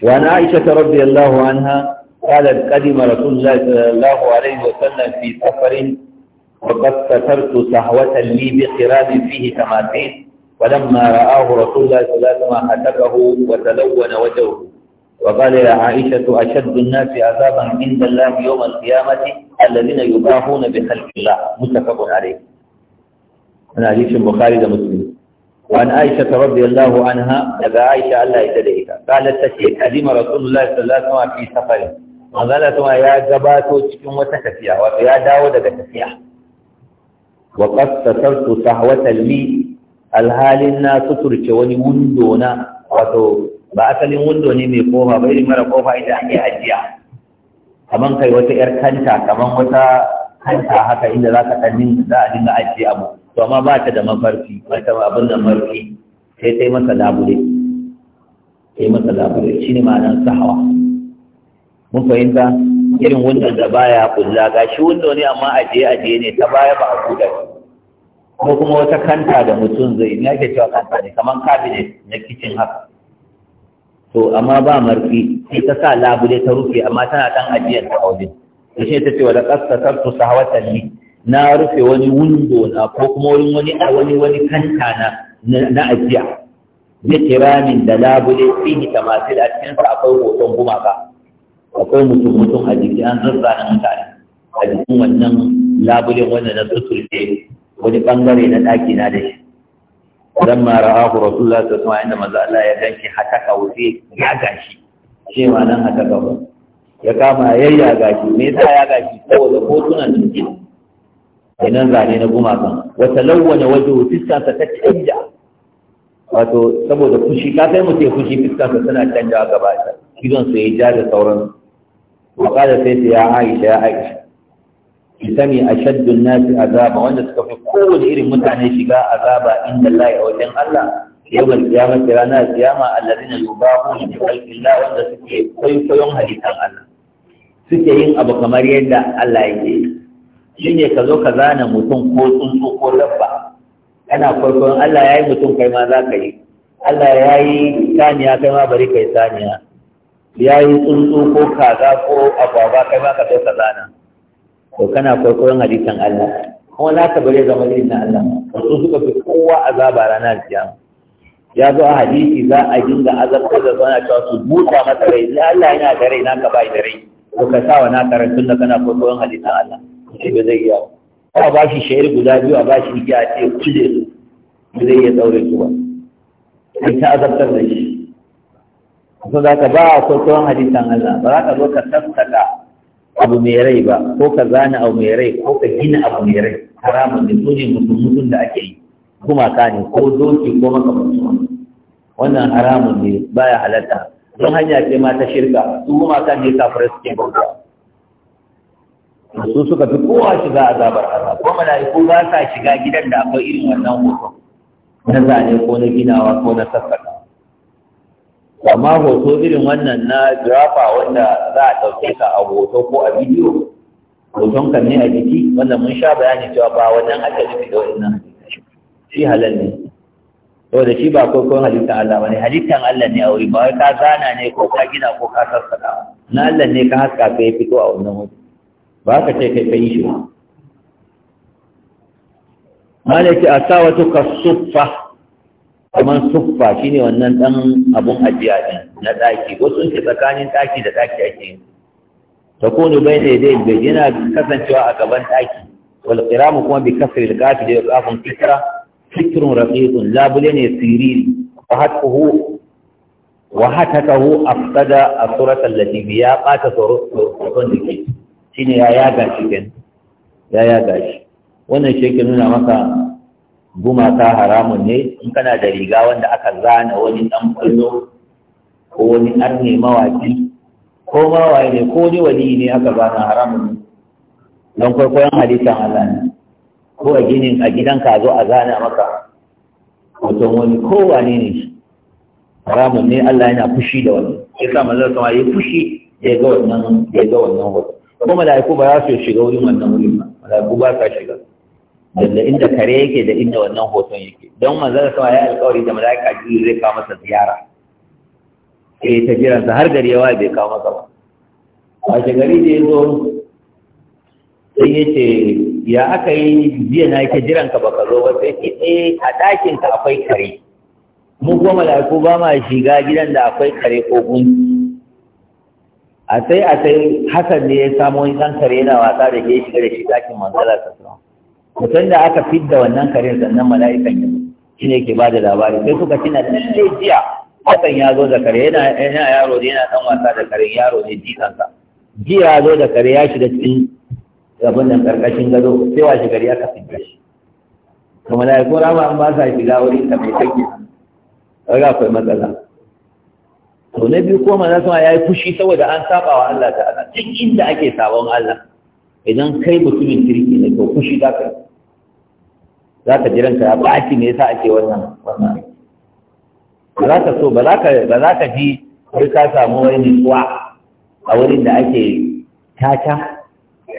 wa na aisha ta radiyallahu anha قالت قدم رسول الله صلى الله عليه وسلم في سفر وقد سترت سهوة لي بقراب فيه تماثيل ولما رآه رسول الله صلى الله عليه وسلم حسبه وتلون وجهه وقال يا عائشة أشد الناس عذابا عند الله يوم القيامة الذين يباهون بخلق الله متفق عليه أنا حديث البخاري ومسلم وعن عائشة رضي الله عنها أبا عائشة الله يتدعيها قالت تشيك قدم رسول الله صلى الله عليه وسلم في سفره manzala kuma ya gabato cikin wata tafiya wato ya dawo daga tafiya wa qad satartu sahwatan li alhalin na suturce wani wundo na wato ba asalin wundo ne mai kofa ba irin mara kofa idan ake ajiya kaman kai wata yar kanta kaman wata kanta haka inda za ka ɗan za a dinga ajiye abu to amma ba ta da mafarki ba ta abin da mafarki sai ta yi masa labule ta yi masa labule shi ne ma'anar sahawa mun fahimta irin wannan da baya kulla ga shi wanda ne amma aje aje ne ta baya ba a buɗe ko kuma wata kanta da mutum zai ina ke cewa kanta ne kamar cabinet na kitchen haka to amma ba marfi sai ta sa labule ta rufe amma tana dan ajiyar ta waje to shi ta ce wa laqad su sahawatan li na rufe wani wundo na ko kuma wani wani wani wani kanta na na ajiya ne kiramin da labule fi tamasil a cikin sa akwai hoton gumaka akwai mutum mutum a jiki an zurza na mutane a jikin wannan labulin wanda na suturce wani bangare na ɗaki na da shi zan ma ra'ahu rasulullah ta suma, inda maza Allah ya ganki haka wuce ya gashi shi ma nan haka wuce ya kama yayya gashi me yasa ya gashi saboda hotunan jiki idan zane na gumakan. wata lawwana wajen fiskansa ta canja wato saboda fushi ka kai mu ce fushi fiskansa tana canjawa gaba ta idan su yi ja da sauran وقال سيدي يا عائشة يا عائشة يسمي أشد الناس عذابا وأن تكفي كل إير متعني شكاء عذابا عند الله أو جن الله يوم القيامة رانا القيامة الذين يباهون خلق الله وأن تكفي كيف يوم هديثا الله suke yin abu kamar yadda Allah yake yi ne ka zo ka zana mutum ko tsuntsu ko dabba kana farkon Allah ya yi mutum kai ma za ka yi Allah ya yi saniya kai ma bari kai saniya ya yi tsuntsu ko kaza ko agwagwa kai ma ka so ka zana to kana kwaikwayon hadisan Allah kuma za ka bare zama irin na Allah wasu suka fi kowa azaba ranar kiyama ya zo a hadisi za a dinga azabtar da zuwa cewa su buta masa rai da Allah yana da rai naka ba da rai to ka sa wa naka rai da kana kwaikwayon hadisan Allah shi ba zai iya ba ba shi shayar guda biyu a ba shi igiya a ce kuje su ba zai iya daure su ba sai ta azabtar da shi so za ka ba a kwaikwayon hadisan Allah ba za ka zo ka sassaka abu mai rai ba ko ka zana abu mai rai ko ka gina abu mai rai haramun da su ne mutum da ake yi kuma ka ne ko doki ko maka wani wannan haramun ne baya halatta don hanya ce ma ta shirka su kuma ka ne fara suke bauta su suka fi kowa shiga zabar Allah ko mala'iku ba sa shiga gidan da akwai irin wannan hoton na zane ko na ginawa ko na sassaka amma hoto irin wannan na girafa wanda za a ɗauke ka a hoto ko a bidiyo hoton kan ne a jiki wanda mun sha bayani cewa ba wannan aka nufi da wannan shi halal ne saboda shi ba kwaikwayon halittar Allah ba ne halittar Allah ne a wuri ba wai ka zana ne ko ka gina ko ka sassaka na Allah ne ka haska ka ya fito a wannan wuri ba ka ce kai kai shi ba malaki asawatu kasuffa kamar suffa shine wannan dan abun ajiya ɗin na daki wasu ce tsakanin ɗaki da ɗaki ake yi. ta kone bai ne dai bai yana kasancewa a gaban daki wal qiramu kuma bi kasri da kafi da kafin fitra fikrun raqiqun labule ne siriri wa hatuhu wa hatakahu afsada a surat allati biya qata surutun dake shine ya yaga shi ya yaga shi wannan shi ke nuna maka gumaka haramun ne in kana da riga wanda aka zana wani dan kwallo ko wani arne mawaƙi. ko mawaye ne ko ni wani ne aka zana haramun ne don kwaikwayon halittar Allah ne ko a ginin a ka zo a zana maka hoton wani ko wane ne haramun ne Allah yana fushi da wani ya sa manzon sama yi fushi ya ga wannan ya ga wannan hoton ko mala'iku ba za su shiga wurin wannan wurin ba mala'iku ba sa shiga da inda kare yake da inda wannan hoton yake don manzon sama ya alƙawari da malaika jibril zai kawo masa ziyara eh ta jiransa har gari yawa bai kawo masa ba washe gari da ya zo sai ya ce ya aka yi jiya na ta jiranka ba ka zo ba sai ce eh a ka akwai kare mu kuma mala'iku ba ma shiga gidan da akwai kare ko gunki a sai a sai hasan ne ya samu wani ɗan kare yana wasa da ke shiga da shi ɗakin manzala ta sama mutum da aka fidda wannan karin sannan mala'ikan yi shi ne ke da labari sai suka na lalle jiya hakan ya zo da kare yana yaro ne yana dan wasa da kare yaro ne jikansa jiya ya zo da kare ya shiga cikin abin nan karkashin gado sai washe gari aka fidda shi to mala'ikun rama an ba sa shiga wurin ta mai take kaga akwai matsala to na biyu ko manzo sama yi fushi saboda an saba wa Allah ta'ala duk inda ake sabon Allah idan kai mutumin kirki fushi za ka yi za ka jiran ka baki me yasa ake wannan wannan ba za ka so ba za ka ba za ka ji sai ka samu wani nutsuwa a wurin da ake tata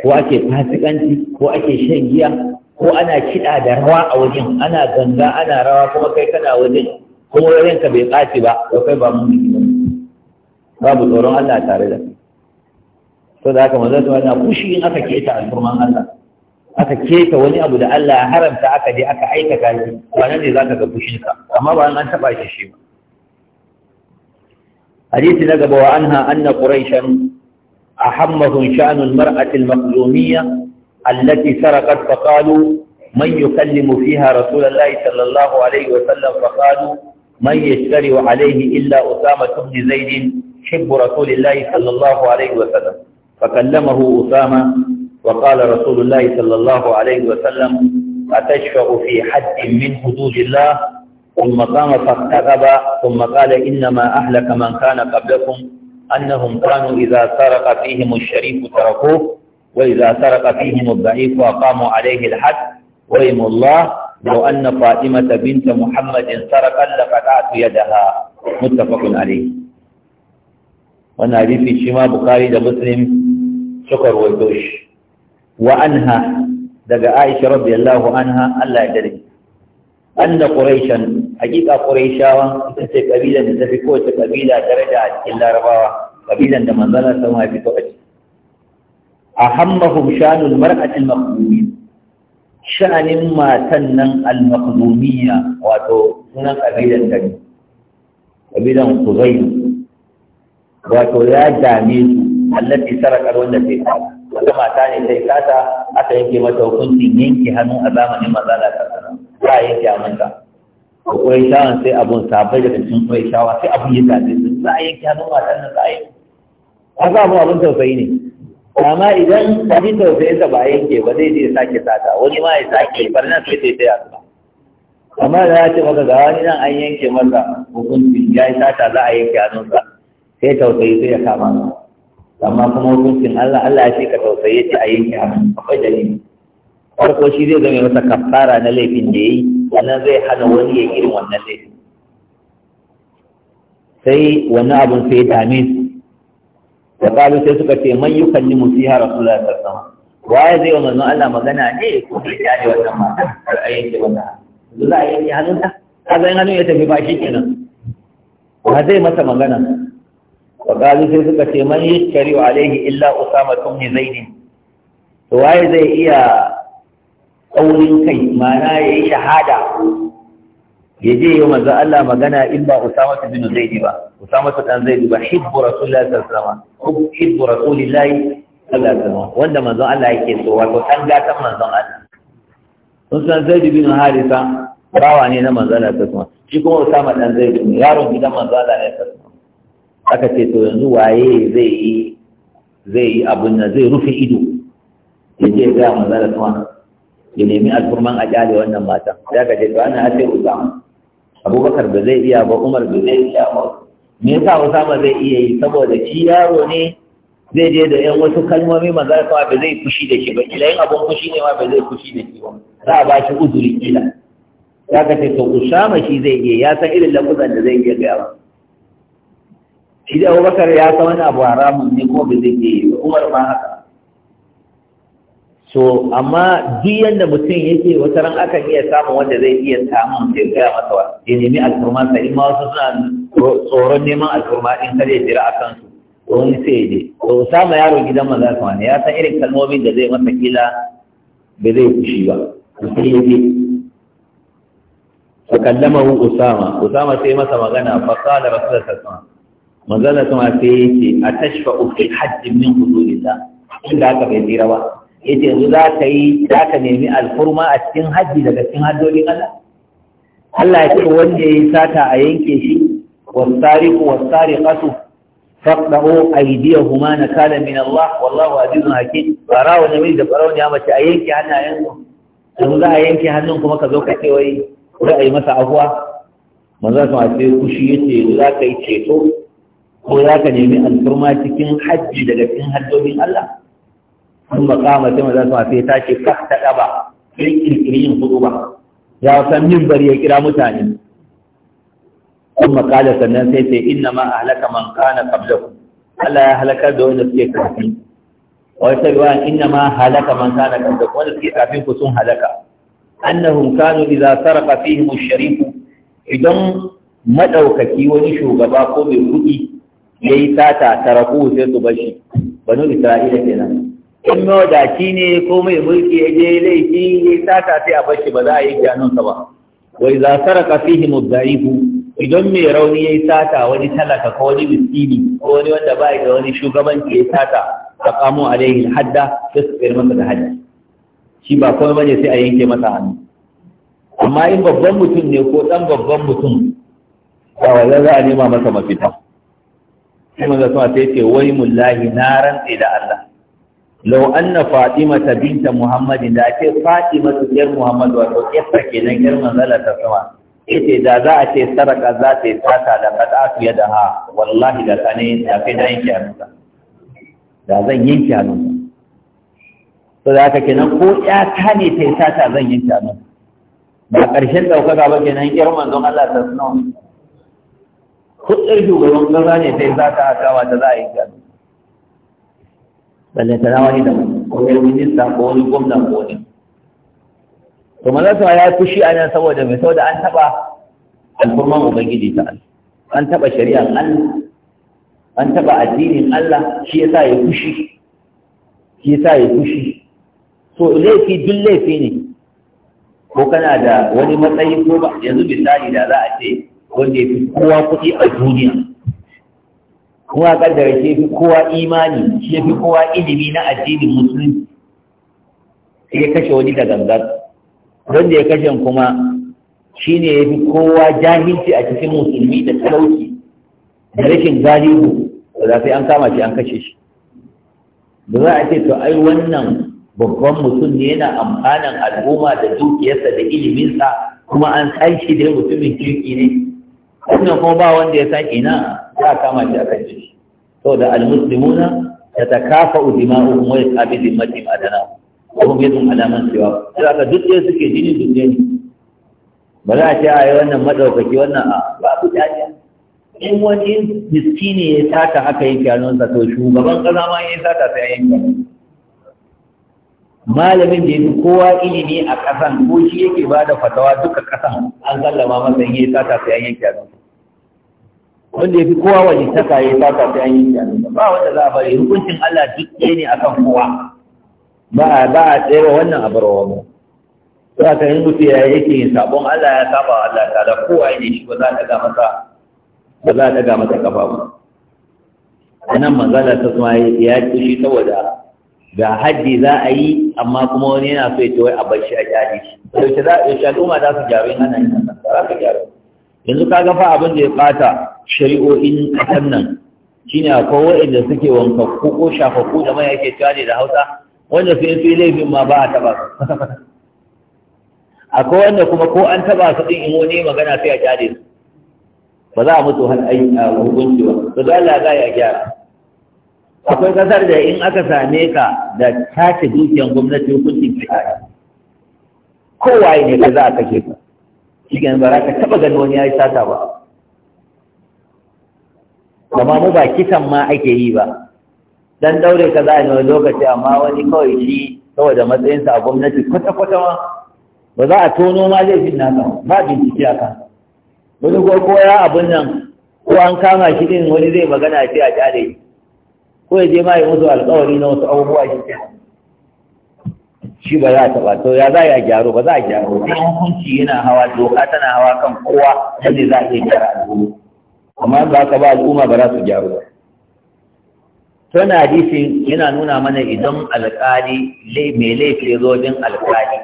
ko ake fasikanci ko ake shan giya ko ana kiɗa da rawa a wajen ana ganga ana rawa kuma kai kana wajen kuma wurin ka bai ɓaci ba ko kai ba mun babu tsoron Allah tare da kai to da haka manzo to ana kushi in aka keta alfurman Allah aka keta wani abu da Allah ya haramta aka je aka aikata shi wannan ne zaka ga fushinsa amma ba an taɓa shi shi ba hadisi na gaba wa anha anna quraishan ahammahum sha'nul mar'ati al-makhzumiyya allati sarqat faqalu man yukallimu fiha rasulullahi sallallahu alayhi wa sallam faqalu man yashtari alayhi illa usama ibn zaid hibbu rasulillahi sallallahu alayhi wa sallam فكلمه Usama. وقال رسول الله صلى الله عليه وسلم أتشفع في حد من حدود الله ثم قام فاقتغب ثم قال إنما أهلك من كان قبلكم أنهم كانوا إذا سرق فيهم الشريف تركوه وإذا سرق فيهم الضعيف وقاموا عليه الحد وايم الله لو أن فاطمة بنت محمد سرق لقطعت يدها متفق عليه وانا حديث شما بخاري ده مسلم شكر ويدوش wa anha daga Aisha radiyallahu anha Allah ya dare anna quraishan hakika quraishawa ita ce kabilan da tafi kowace kabila daraja a cikin larabawa kabilan da manzala ta ma fito a ciki ahammahum shanul mar'ati al-maqdumiyya sha'anin matan nan al-maqdumiyya wato sunan kabilan da kabilan Quraysh wato ya dame su allati sarakar wanda take fada wata mata ne ta yi kata aka yanke mata hukuncin yanke hannu a zamanin maza na kasana ba a yanke hannunta ko kwai shawan sai abun sabai daga cikin kwai shawa sai abun yi tafi su za a yanke hannun matan nan za a yi haka abun abun tausayi ne amma idan abin tausayin sa ba a yanke ba zai je sake sata wani ma ya sake barna sai sai ta yasu amma da ya ce maka ga wani nan an yanke masa hukuncin ya yi sata za a yanke sa sai tausayi sai ya kama amma kuma hukuncin Allah Allah ya ce ka tausaye shi a yanke a akwai dalili farko shi zai zama masa kafara na laifin da ya yi wannan zai hana wani ya irin wannan laifin sai wani abun sai dame su da kalu sai suka ce man yi kalli musiha rasulullah sallallahu sama waye zai wa manzon Allah magana ne eh, ko bai ne wannan ma har a yanke wannan za a yanke hannunta ka zai hannun ya tafi ba shi kenan ba zai masa magana wa sai suka ce man wa alaihi illa usama zai ne to waye zai iya kaurin kai ma'ana yi shahada ya je yi manzo Allah magana in ba Usama bin Zaid ba Usama dan Zaid ba hibbu Rasulullahi sallallahu alaihi wasallam hibbu Rasulullahi sallallahu alaihi wasallam wanda manzo Allah yake so wato kan gatan manzo Allah Sun zai Zaid bin Harisa bawa ne na manzo Allah sallallahu alaihi wasallam shi kuma Usama dan zai ne yaron gidan manzo Allah ne sallallahu aka ce to yanzu waye zai yi zai yi abin nan zai rufe ido ya je ga maza da tuwa ya nemi alfurman a kyale wannan matan ya ka ce to ana hace usama abubakar ba zai iya ba umar ba zai iya ba me yasa usama zai iya yi saboda shi yaro ne zai je da yan wasu kalmomi maza da tuwa ba zai fushi da shi ba kila yin abun fushi ne ma ba zai fushi da shi ba za a ba shi uzuri kila ya ka ce to usama shi zai iya ya san irin lafuzan da zai iya gaya ba shi da abubakar ya san wani abu haramun ne kuma ba zai yi yi umar ma haka so amma duk da mutum yake wata ran aka iya samun wanda zai iya samun sai gaya masa wa ya nemi alfurma sai ma wasu suna tsoron neman alfurma in zai jira a kansu wani sai ya je to sama yaro gidan maza kama wani ya san irin kalmomi da zai masa kila ba zai fushi ba sai ya je fa hu usama usama sai masa magana fa qala rasulullahi sallallahu alaihi wasallam manzala kuma sai ya ce a tashfa ufi hajji min hududillah inda aka bai tsira ba ya ce yanzu za ka yi za ka nemi alfurma a cikin hajji daga cikin haddodin Allah Allah ya ce wanda ya yi sata a yanke shi kasu. a huma na kala min Allah wallahu a والله hake حكيم فراو نميل da farawo ya mace a yanke yanzu. Yanzu za a yanke hannun kuma ka zo ka ce wai za a yi masa afuwa manzo sun ce kushi yace za ka yi ceto ko za ka nemi alfurma cikin hajji daga cikin hajjojin Allah sun makama sai maza su mafi ta ce kaf ta ɗaba sai ƙirƙiri yin hudu ba ya san min bari ya kira mutane sun makala sannan sai sai inna ma a halaka man kana ku Allah ya halaka da wanda suke kafin wata ruwan inna ma halaka man kana ku wanda suke kafin ku sun halaka annahum kanu idza sarqa fihim ash-sharif idan madaukaki wani shugaba ko mai kudi ya yi sata taraku sai su bashi banu isra'ila kenan in mawadaci ne ko mai mulki ya je laifi ya yi sata sai a bashi ba za a yi kyanonsa ba wai za saraka fihi mudda'ifu idan mai rauni ya yi sata wani talaka ko wani miskini ko wani wanda ba da wani shugabanci ya yi sata a kamo alaihi hadda sai su kai masa da hadda shi ba ba bane sai a yanke masa hannu amma in babban mutum ne ko dan babban mutum ba wajen za a nema masa mafita sai manzo sama sai ce wai mullahi na rantsi da Allah law anna ta binta Muhammad da ce fatima yar muhammad wato yasa kenan yar manzala ta sama ce da za a ce saraka za ta yi sata da yada ha wallahi da kane da kai da yanke hannunta da zan yanke hannunta to da haka kenan ko ya ta ne ta yi sata zan yanke hannunta ba ƙarshen ɗaukaka ba kenan yar manzon Allah ta sama kuɗin shugaban ƙasa ne sai za ta hakawa da za a yi gano balle ta rawa ne da wani minista ko wani gwamna ko wani to manasa ya fushi a nan saboda mai saboda an taɓa alfurman ubangiji ta an taɓa shari'ar Allah an taɓa addinin Allah shi ya sa ya fushi shi ya sa ya fushi so laifi duk laifi ne ko kana da wani matsayi ko ba yanzu misali da za a ce wanda ya fi kowa kuɗi a duniya kuma kaddara shi ya fi kowa imani shi ya fi kowa ilimi na addinin musulunci sai ya kashe wani da gangar wanda ya kashe kuma shi ne ya fi kowa jahilci a cikin musulmi da talauci da rashin galibu da sai an kama shi an kashe shi Ba za a ce to ai wannan babban mutum ne yana amfanan al'umma da dukiyarsa da iliminsa kuma an san shi dai mutumin kirki ne wannan kuma ba wanda ya san ina za a kama shi a kan shi saboda almuslimuna da ta kafa ujima uku mai tsabi zimmatin adana kuma ya sun alaman cewa sai aka duk ɗaya suke jini duk ɗaya ba za a ce a yi wannan maɗaukaki wannan a babu dajiya in wani miskini ya sata a yi sa to shugaban ƙasa ma ya sata sai a yanka. malamin da ya fi kowa ilimi a ƙasan ko shi yake ba da fatawa duka ƙasan an sallama masa yi sata sai an yanke abin wanda ya fi kowa wani saka ya sata sai an yanke abin ba wanda za a bari hukuncin Allah duk ɗaya ne akan kowa ba a ba a tsere wannan a barawa mu to haka in mutu ya yake yin sabon Allah ya saba wa Allah da kowa ne shi ba za a daga masa ba za a daga masa kafa ba anan manzala ta kuma ya ci shi saboda ga haddi za a yi amma kuma wani yana so ya ce wai a bar shi a kyale shi yaushe za yaushe al'umma za su gyaru ana yin nan za su gyaru yanzu ka ga fa abin da ya bata shari'o'in kasan nan shine akwai waɗanda suke wankakku ko shafakku da mai ake cewa ne da Hausa wanda sai su yi laifin ma ba a taba su akwai wanda kuma ko an taba su din in wani magana sai a kyale su ba za a mutu har ayyuka hukunci ba to dole za a gyara akwai kasar da in aka same ka da tace dukiyar gwamnati hukuncin kisa ne Kowa ne ka za a kashe ka shi ke ba za ka taɓa ganin wani ya yi sata ba amma mu ba kisan ma ake yi ba dan daure ka za a yi lokaci amma wani kawai shi saboda matsayinsa a gwamnati kwata-kwata ma ba za a tono ma zai fin nasa ba bincike a kan wani gwagwoya abin nan ko an kama shi din wani zai magana shi a jare ko ya je ma ya musu alƙawari na wasu abubuwa shi ke shi ba za ta ba to ya za ya gyaro ba za a gyaro sai hukunci yana hawa doka tana hawa kan kowa yadda za a iya gyara al'umma amma ba ka ba al'umma ba za su gyaro ba na hadisin yana nuna mana idan alƙali mai laifi wajen alƙali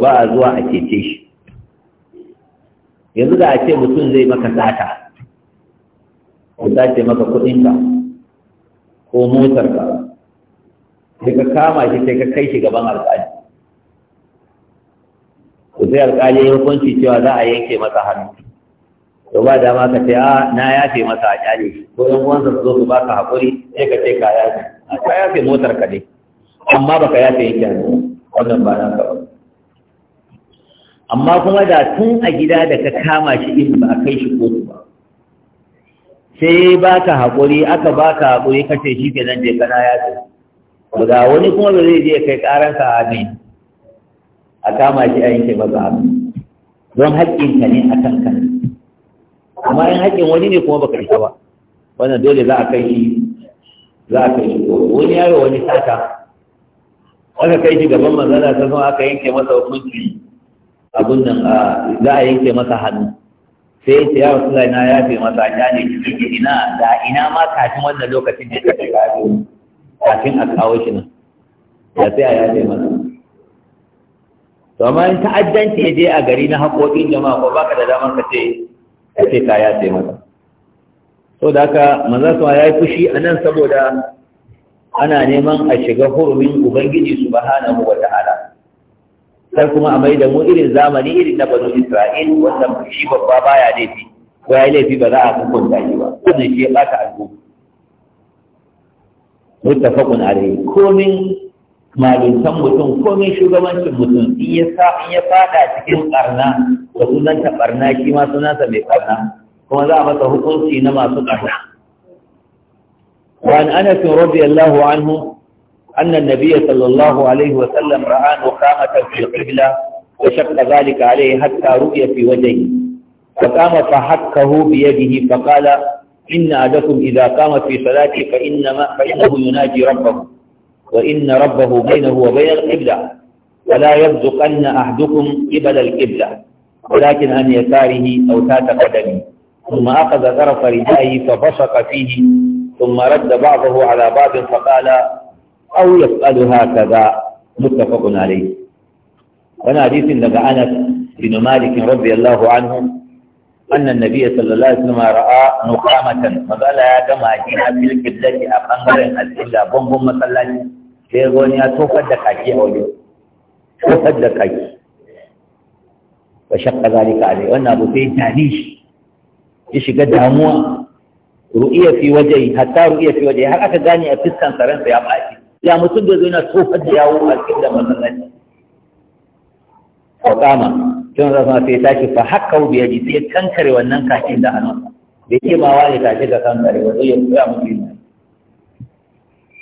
ba a zuwa a cece shi yanzu da a ce mutum zai maka sata ko sace maka kuɗinka ko motar ka sai ka kama shi sai ka kai shi gaban alƙali Ku sai alƙali ya hukunci cewa za a yanke masa hannu to ba dama ka ce a ah, na yafe masa a kyale ko ɗan uwansa su zo su baka haƙuri sai ka ce ka yafe a ka yafe motar ka ne amma baka yafe yake hannu wannan ba na ba amma kuma da tun a gida da ka kama shi in ba a kai shi kotu sai ba ka haƙuri aka ba ka haƙuri kace shi ke nan je kana ya ce ga wani kuma ba zai je kai ka a ne a kama shi a yanke masa abu don ka ne a kanka amma in haƙƙin wani ne kuma baka ka ba wannan dole za a kai shi za a kai shi wani yaro wani sata aka kai shi gaban manzana ta zama aka yanke masa hukunci abun nan za a yanke masa hannu sai ce yawon suna na ya fi masa ya ne cikin ina da ina ma kafin wannan lokacin da kake kafi kafin a kawo shi nan da sai a ya fi masa domin ta'addanci ya je a gari na haƙoƙin jama'a ko baka da damar ka ce ka ce ka ya fi masa so da haka maza sa ya yi fushi a nan saboda ana neman a shiga hurumin ubangiji subhanahu wa ta'ala sai kuma a maida mu irin zamani irin na banu isra'il wanda shi babba baya laifi ko ya yi laifi ba za a hukunta shi ba wannan shi ya bata al'umma muttafaqun alayhi komin malintan mutum komin shugabancin mutum in ya sa in ya fada cikin karna da sunan ta karna shi ma sunansa mai karna kuma za a masa hukunci na masu karna وعن انس رضي الله anhu. أن النبي صلى الله عليه وسلم رأى نخامة في القبلة وشق ذلك عليه حتى رؤي في وجهه فقام فحكه بيده فقال إن أحدكم إذا قام في صلاته فإنما فإنه يناجي ربه وإن ربه بينه وبين القبلة ولا يبزقن أحدكم قبل القبلة ولكن عن يساره أو تات قدمه ثم أخذ طرف ردائه فبصق فيه ثم رد بعضه على بعض فقال أو aw هكذا متفق عليه وانا حديث hadisin daga بن مالك رضي الله عنه أن النبي صلى الله عليه وسلم رأى نقامة فقال يا جماعة جينا في القبلة أقنبر الأسئلة بوم بوم مثلا سيغون يا توفى الدكاكي أولي توفى الدكاكي وشق ذلك عليه وانا أبو سيد تعليش يشي قد هموة رؤية في وجهي حتى رؤية في وجهي هل أكداني أفسكن سرن في أبعاتي ya mutum da zai na tsofar da yawo a cikin da masallaci ko kama kin zama sai tashi fa hakka bi yaji sai kankare wannan kakin da hannun bai ke ma wani tashi ga kankare wa zai ya mutum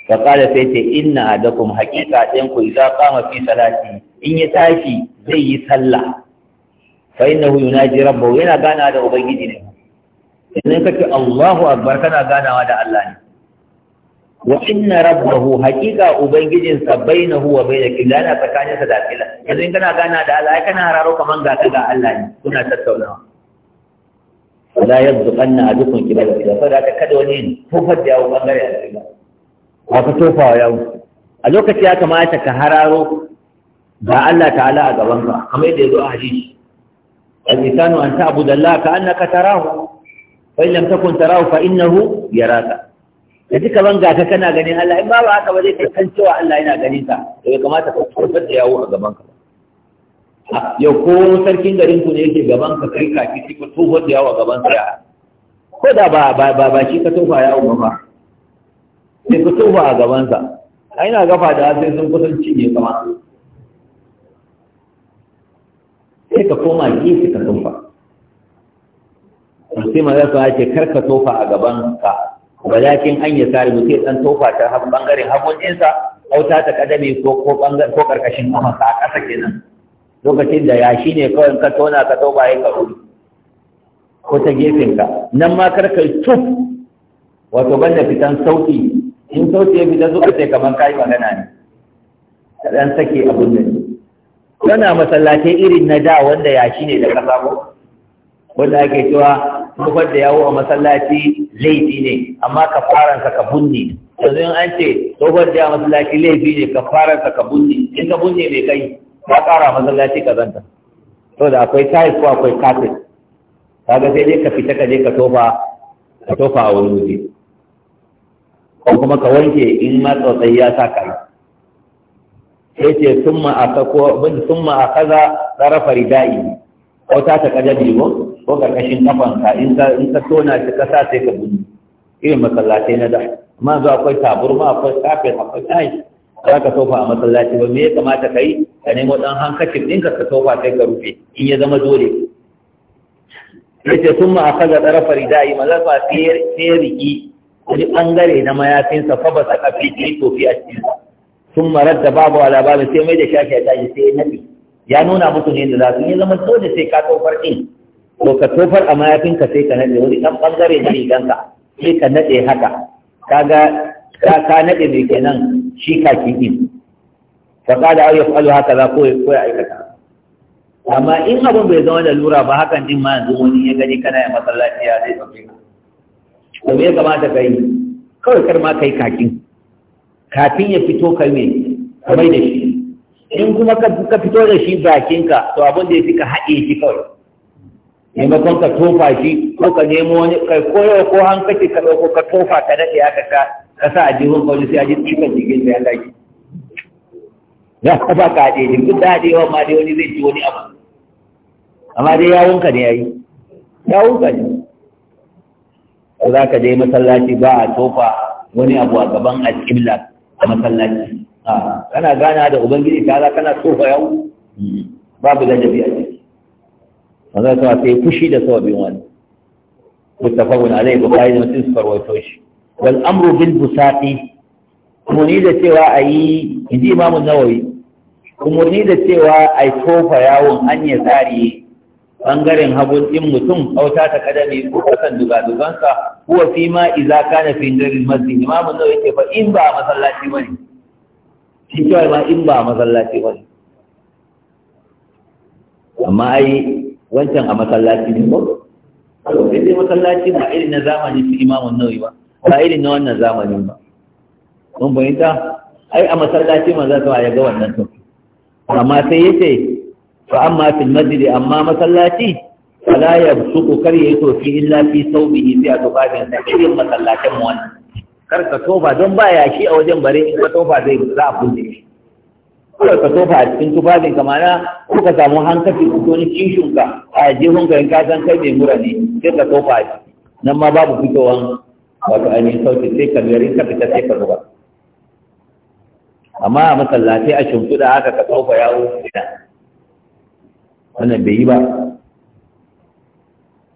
Ka kada sai ce inna kuma hakika ɗin ku ka ma fi salati in ya tashi zai yi sallah fa na yunaji rabbahu yana ganawa da ubangiji ne idan ce Allahu akbar kana ganawa da Allah ne وإن ربه حقيقة أبنجين سبينه وبين كلانا فكان يتداخل إذا إن كان أغانا دعا لا يكن أرارو كمان غاكا غا الله كنا تتولنا ولا يبدو أدوكم كبال الله فلا تكدونين فوفت يا أبنجر يا يا أبنجر ألوك تياك ما يتك هرارو غا الله تعالى أغا حميد يدو أحجيش الإنسان أن تعبد الله كأنك تراه فإن لم تكن تراه فإنه يراك da duka banga ka kana ganin Allah in ba ba haka ba zai kai kan cewa Allah yana ganin ka to ya kamata ka kofar da yawo a gaban ka ya ko sarkin garin ku ne yake gaban ka kai ka ki ko tofar da yawo a gaban ka ko da ba ba ba shi ka tofa yawo ba sai ku tofa a gaban sa ai na gafa da sai sun kusan cinye kama sai ka koma gefe ka tofa sai ma za su ce kar ka tofa a gaban ka walakin an ya sari mutum dan tofa ta ɓangaren bangaren hagunsa auta ta kadami ko ko bangaren ko karkashin a ƙasa kenan lokacin da ya shi ne kawai ka tona ka tofa ya ka ruri ko ta gefenka nan ma kar yi tuf wato banda fitan sauti in sauti ya fita zuwa sai kamar kayi magana ne ka dan sake abun da ne kana masallatai irin na da wanda ya shi ne da kasa ko wanda ake cewa zubar da yawo a masallaci laifi ne amma ka faransa ka bunni. yanzu in an ce zubar da yawo a masallaci laifi ne ka faransa ka bunni. in ka bunne mai kai ka kara masallaci ka zanta to da akwai tayi ko akwai kafin kaga sai dai ka fita ka je ka tofa ka tofa a wani waje ko kuma ka wanke in ma tsotsai ya sa kai sai ce summa aka ko bin summa akaza tsarafa ridai ko ta ta kaja biyu ko karkashin ka in ta in ta tona shi kasa sai ka bi irin masallatai na da amma zo akwai taburma akwai kafin akwai tayi za ka tofa a masallaci ba me ya kamata ka yi ka nemo dan hankacin ɗinka ka tofa sai ka rufe in ya zama dole ya ce sun ma'aka ga ɗarafar da'i mazafa sai riƙi wani ɓangare na mayafinsa fa ba saka fi tofi a cikinsa sun marar da babu alabami sai mai da shafi a tashi sai ya nafi ya nuna muku ne da zafi ya zama dole sai ka tofar ɗin. ko ka tofar a mayafinka sai ka nade wani ɗan ɓangare na riganka sai ka nade haka kaga ka ka nade mai kenan shi ka kiɗi fa kada ayu yafalu haka za ko ya aikata amma in abin bai zama da lura ba hakan din ma yanzu wani ya gani kana ya masallaci ya zai tsofi to me ya kamata yi kawai kar ma kai kakin kafin ya fito kai me kamar da shi in kuma ka fito da shi bakinka to abin da ya fi ka haɗe shi kawai maimakon ka tofa shi ko ka nemo wani kai ko yau ko hankali ka ɗauko ka tofa ka daɗe aka ka ka sa a jihun kawai sai a ji cikin jikin da ya Za ya kafa ka haɗe shi duk da yawan ma dai wani zai ci wani abu amma dai ka ne ya yi ka ne ko za ka je masallaci ba a tofa wani abu a gaban alƙibla a masallaci kana gana da ubangiji ta za kana tsofa yau babu da a ciki wanda ta ce fushi da sawabin wani mutafawun alai bukari da mutum suka rawaito shi wal amru bil busati umarni da cewa a yi in ji nawawi umarni da cewa a yi tofa yawon an ya tsari bangaren hagun ɗin mutum auta ta kadami ko kasan dugadugansa ko fi ma iza kana fi indarin masjid imamun nawawi ce fa in ba masallaci ba ne shi kawai ma in ba a masallaci wani, amma ai wancan a masallaci ne ba sai dai masallaci ba irin na zamani su imamun nauyi ba ba irin na wannan zamanin ba mun bayyana ai a masallaci ma za su ya ga wannan to amma sai ya ce fa amma fil masjid amma masallaci fala yabsuku kar fi illa fi sawbihi fi a da, sa irin masallacin mu wannan kar ka tofa don ba ya shi a wajen bare in ka tofa zai za a kunne shi kawai ka tofa a cikin tufafin ka mana ko ka samu hankali ko ni kishin ka a jihun ka in ka san kai mai mura ne sai ka tofa a ciki nan ma babu fitowan wato ainihin sauti sai ka garin ka fita sai ka zuba amma a masallaci a shimfiɗa haka ka tofa yawo gida wannan bai yi ba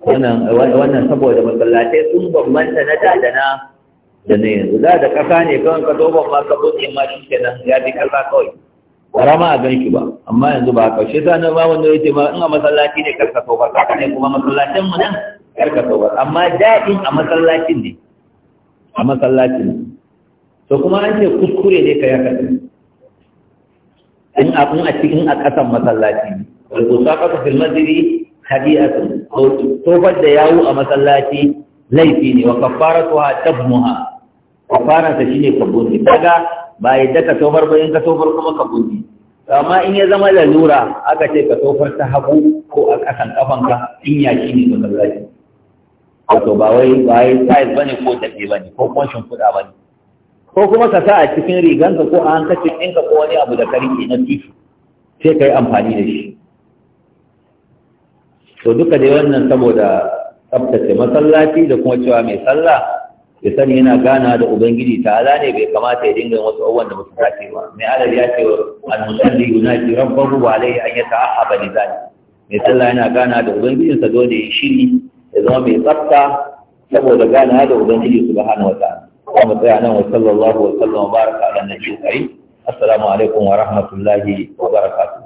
wannan saboda masallatai sun bambanta na da da na da ne yanzu da da ƙasa ne kawai ka doban ma ka buɗe ma shi kenan ya bi ƙasa kawai karama a gan shi ba amma yanzu ba a shi sa ba wanda ya ma in a masallaci ne karka tofar haka ne kuma masallacin mu nan karka tofar amma daɗin a masallacin ne a masallacin ne to kuma an ce kuskure ne ka ya kaɗi in kun a cikin a ƙasan masallaci ne wal kusaka fil masjidi to tofar da yawo a masallaci laifi ne wa kafaratuha tabmuha kafara ta shine kabuni daga ba yadda ka tofar ba in ka tofar kuma kabuni amma in ya zama lalura aka ce ka tofar ta hagu ko a kasan ka in ya shi ne masallaci wato ba wai ba wai size bane ko tafi bane ko kunshin kuɗa bane ko kuma ka sa a cikin riganka ko a hankacin ɗinka ko wani abu da ka na tifi sai ka yi amfani da shi to duka dai wannan saboda tsabtace masallaci da kuma cewa mai sallah ya sani yana gana da ubangiji ala ne bai kamata ya dinga wasu abubuwan da musu dace ba mai alal ya ce al musalli yunaji rabbahu wa alayhi an yata'ahaba li zalik mai sallah yana gana da ubangijinsa dole ya shiri ya zama mai tsafta saboda gana da ubangiji subhanahu wa ta'ala kuma tsaya nan wa sallallahu wa sallam baraka ala nabiyyi assalamu alaikum wa rahmatullahi wa barakatuh